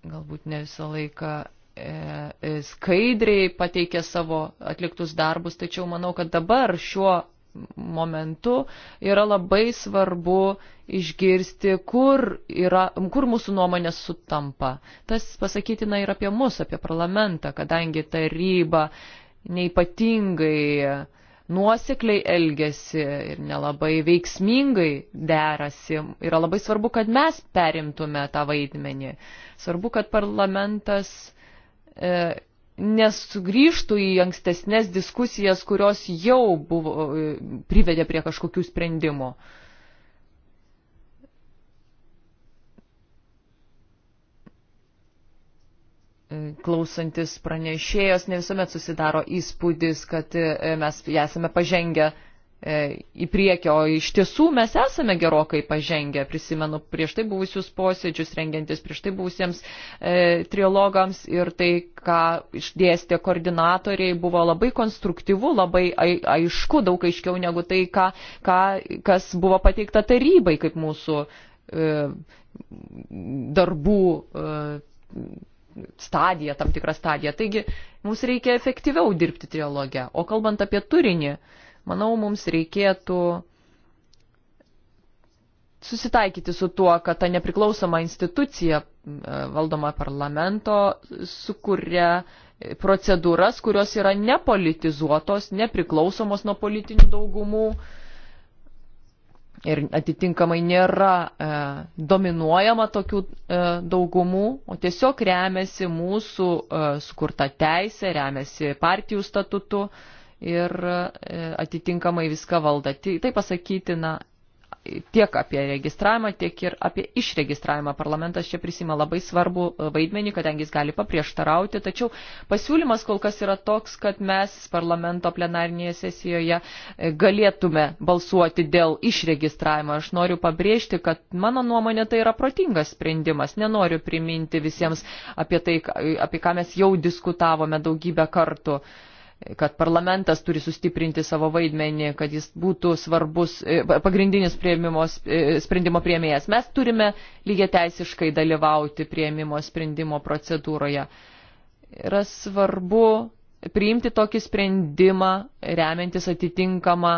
galbūt ne visą laiką e, skaidriai pateikė savo atliktus darbus, tačiau manau, kad dabar šiuo momentu yra labai svarbu išgirsti, kur, yra, kur mūsų nuomonės sutampa. Tas pasakytina ir apie mus, apie parlamentą, kadangi taryba neipatingai nuosekliai elgesi ir nelabai veiksmingai derasi. Yra labai svarbu, kad mes perimtume tą vaidmenį. Svarbu, kad parlamentas e, nesugrįžtų į ankstesnės diskusijas, kurios jau buvo, e, privedė prie kažkokių sprendimų. E, klausantis pranešėjos, ne visuomet susidaro įspūdis, kad e, mes esame pažengę E, į priekį, o iš tiesų mes esame gerokai pažengę, prisimenu prieš tai buvusius posėdžius, rengiantis prieš tai buvusiems e, trilogams ir tai, ką išdėstė koordinatoriai, buvo labai konstruktyvu, labai aišku, daug aiškiau negu tai, ką, ką, kas buvo pateikta tarybai kaip mūsų e, darbų. E, stadija, tam tikra stadija. Taigi, mums reikia efektyviau dirbti trialoge. O kalbant apie turinį, e, Manau, mums reikėtų susitaikyti su tuo, kad ta nepriklausoma institucija e, valdoma parlamento sukuria procedūras, kurios yra nepolitizuotos, nepriklausomos nuo politinių daugumų ir atitinkamai nėra e, dominuojama tokių e, daugumų, o tiesiog remiasi mūsų e, sukurta teisė, remiasi partijų statutu. E, ir e, atitinkamai viską valda. Tai, tai pasakytina tiek apie registravimą, tiek ir apie išregistravimą. Parlamentas čia prisima labai svarbu e, vaidmenį, kadangi jis gali paprieštarauti, tačiau pasiūlymas kol kas yra toks, kad mes parlamento plenarnėje sesijoje e, galėtume balsuoti dėl išregistravimo. Aš noriu pabrėžti, kad mano nuomonė tai yra protingas sprendimas. Nenoriu priminti visiems apie tai, apie ką mes jau diskutavome daugybę kartų. Uh, kad parlamentas turi sustiprinti savo vaidmenį, kad jis būtų svarbus e, pagrindinis e, sprendimo prieimėjas. Mes turime lygiai teisiškai dalyvauti prieimimo sprendimo procedūroje. Yra svarbu priimti tokį sprendimą remiantis atitinkamą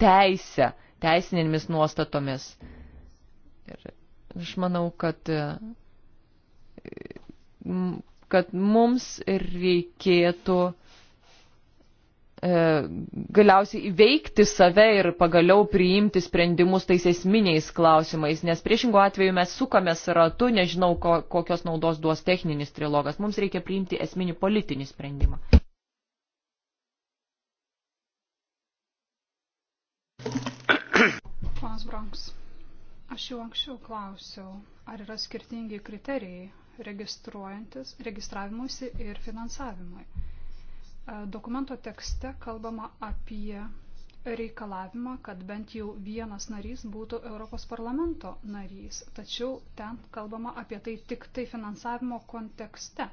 teisę, teisinėmis nuostatomis. Ir aš manau, kad, e, kad mums reikėtų E, galiausiai įveikti save ir pagaliau priimti sprendimus tais esminiais klausimais, nes priešingų atveju mes sukamės ratu, nežinau, ko, kokios naudos duos techninis trilogas. Mums reikia priimti esminį politinį sprendimą. Ponas Bronks, aš jau anksčiau klausiau, ar yra skirtingi kriterijai registruojantis, registravimuisi ir finansavimui. E, dokumento tekste kalbama apie reikalavimą, kad bent jau vienas narys būtų Europos parlamento narys, tačiau ten kalbama apie tai tik tai finansavimo kontekste.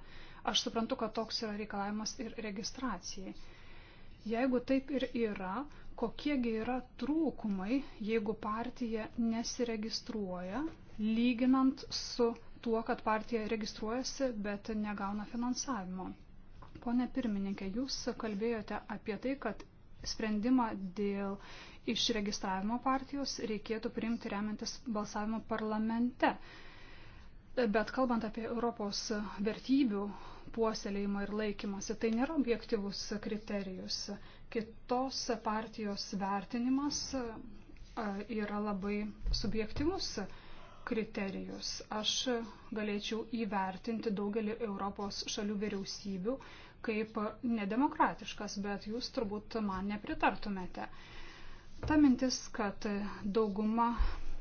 Aš suprantu, kad toks yra reikalavimas ir registracijai. Jeigu taip ir yra, kokiegi yra trūkumai, jeigu partija nesiregistruoja, lyginant su tuo, kad partija registruojasi, bet negauna finansavimo. Pone pirmininkė, jūs kalbėjote apie tai, kad sprendimą dėl išregistravimo partijos reikėtų priimti remiantis balsavimo parlamente. Bet kalbant apie Europos vertybių puoselėjimą ir laikymasi, tai nėra objektivus kriterijus. Kitos partijos vertinimas yra labai subjektivus kriterijus. Aš galėčiau įvertinti daugelį Europos šalių vyriausybių kaip nedemokratiškas, bet jūs turbūt man nepritartumėte. Ta mintis, kad dauguma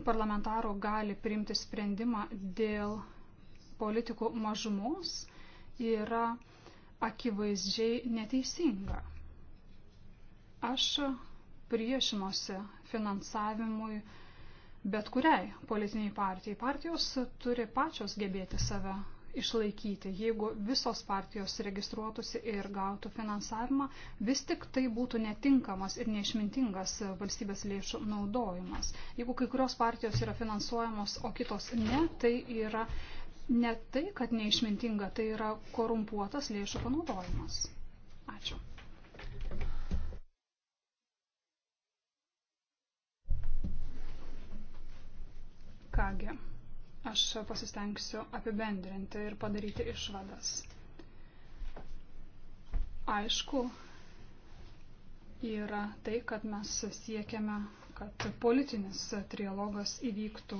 parlamentarų gali priimti sprendimą dėl politikų mažumos, yra akivaizdžiai neteisinga. Aš priešinosi finansavimui bet kuriai politiniai partijai. Partijos turi pačios gebėti save išlaikyti. Jeigu visos partijos registruotųsi ir gautų finansavimą, vis tik tai būtų netinkamas ir neišmintingas valstybės lėšų naudojimas. Jeigu kai kurios partijos yra finansuojamos, o kitos ne, tai yra ne tai, kad neišmintinga, tai yra korumpuotas lėšų panaudojimas. Ačiū. Kągi. Aš pasistengsiu apibendrinti ir padaryti išvadas. Aišku, yra tai, kad mes siekiame, kad politinis trialogas įvyktų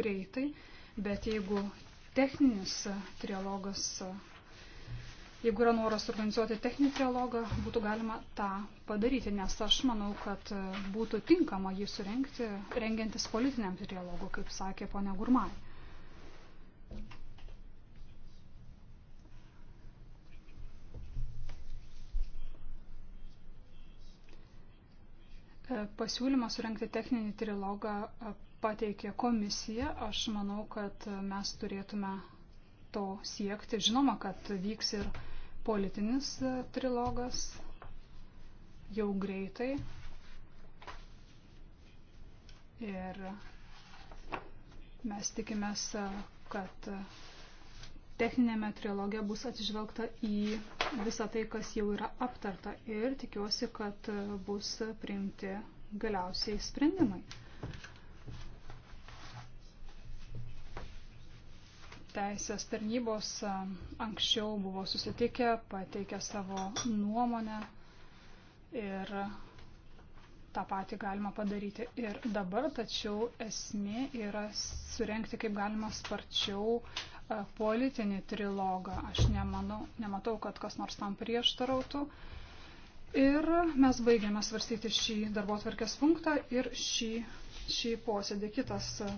greitai, bet jeigu techninis trialogas, jeigu yra noras organizuoti techninį trialogą, būtų galima tą padaryti, nes aš manau, kad būtų tinkama jį surenkti, rengiantis politiniam trialogui, kaip sakė ponia Gurmai. E, pasiūlymą surenkti techninį trilogą e, pateikė komisija. Aš manau, kad e, mes turėtume to siekti. Žinoma, kad vyks ir politinis trilogas jau greitai. Ir mes tikimės, kad techninėme trilogė bus atsižvelgta į visą tai, kas jau yra aptarta ir tikiuosi, kad bus priimti galiausiai sprendimai. Teisės tarnybos anksčiau buvo susitikę, pateikė savo nuomonę ir tą patį galima padaryti ir dabar, tačiau esmė yra surenkti kaip galima sparčiau e, politinį trilogą. Aš nemanau, nematau, kad kas nors tam prieštarautų. Ir mes baigiame svarstyti šį darbo atvarkės punktą ir šį, šį posėdį. Kitas e,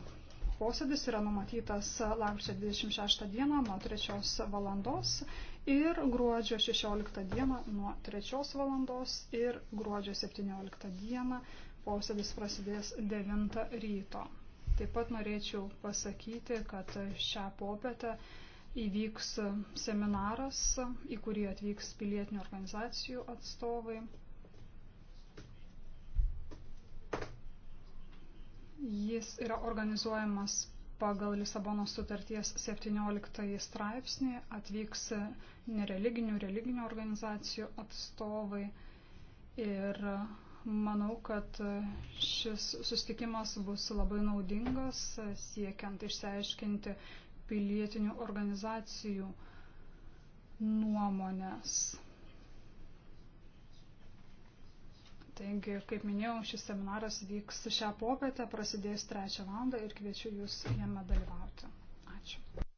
posėdis yra numatytas e, lapkričio 26 dieną nuo 3 valandos ir gruodžio 16 dieną nuo 3 valandos ir gruodžio 17 dieną posėdis prasidės 9 ryto. Taip pat norėčiau pasakyti, kad šią popietę įvyks seminaras, į kurį atvyks pilietinių organizacijų atstovai. Jis yra organizuojamas pagal Lisabono sutarties 17 straipsnį atvyks nereliginių, religinių organizacijų atstovai. Ir manau, kad šis sustikimas bus labai naudingas siekiant išsiaiškinti pilietinių organizacijų nuomonės. Taigi, kaip minėjau, šis seminaras vyks šią popietę, prasidės 3 val. ir kviečiu Jūs jame dalyvauti. Ačiū.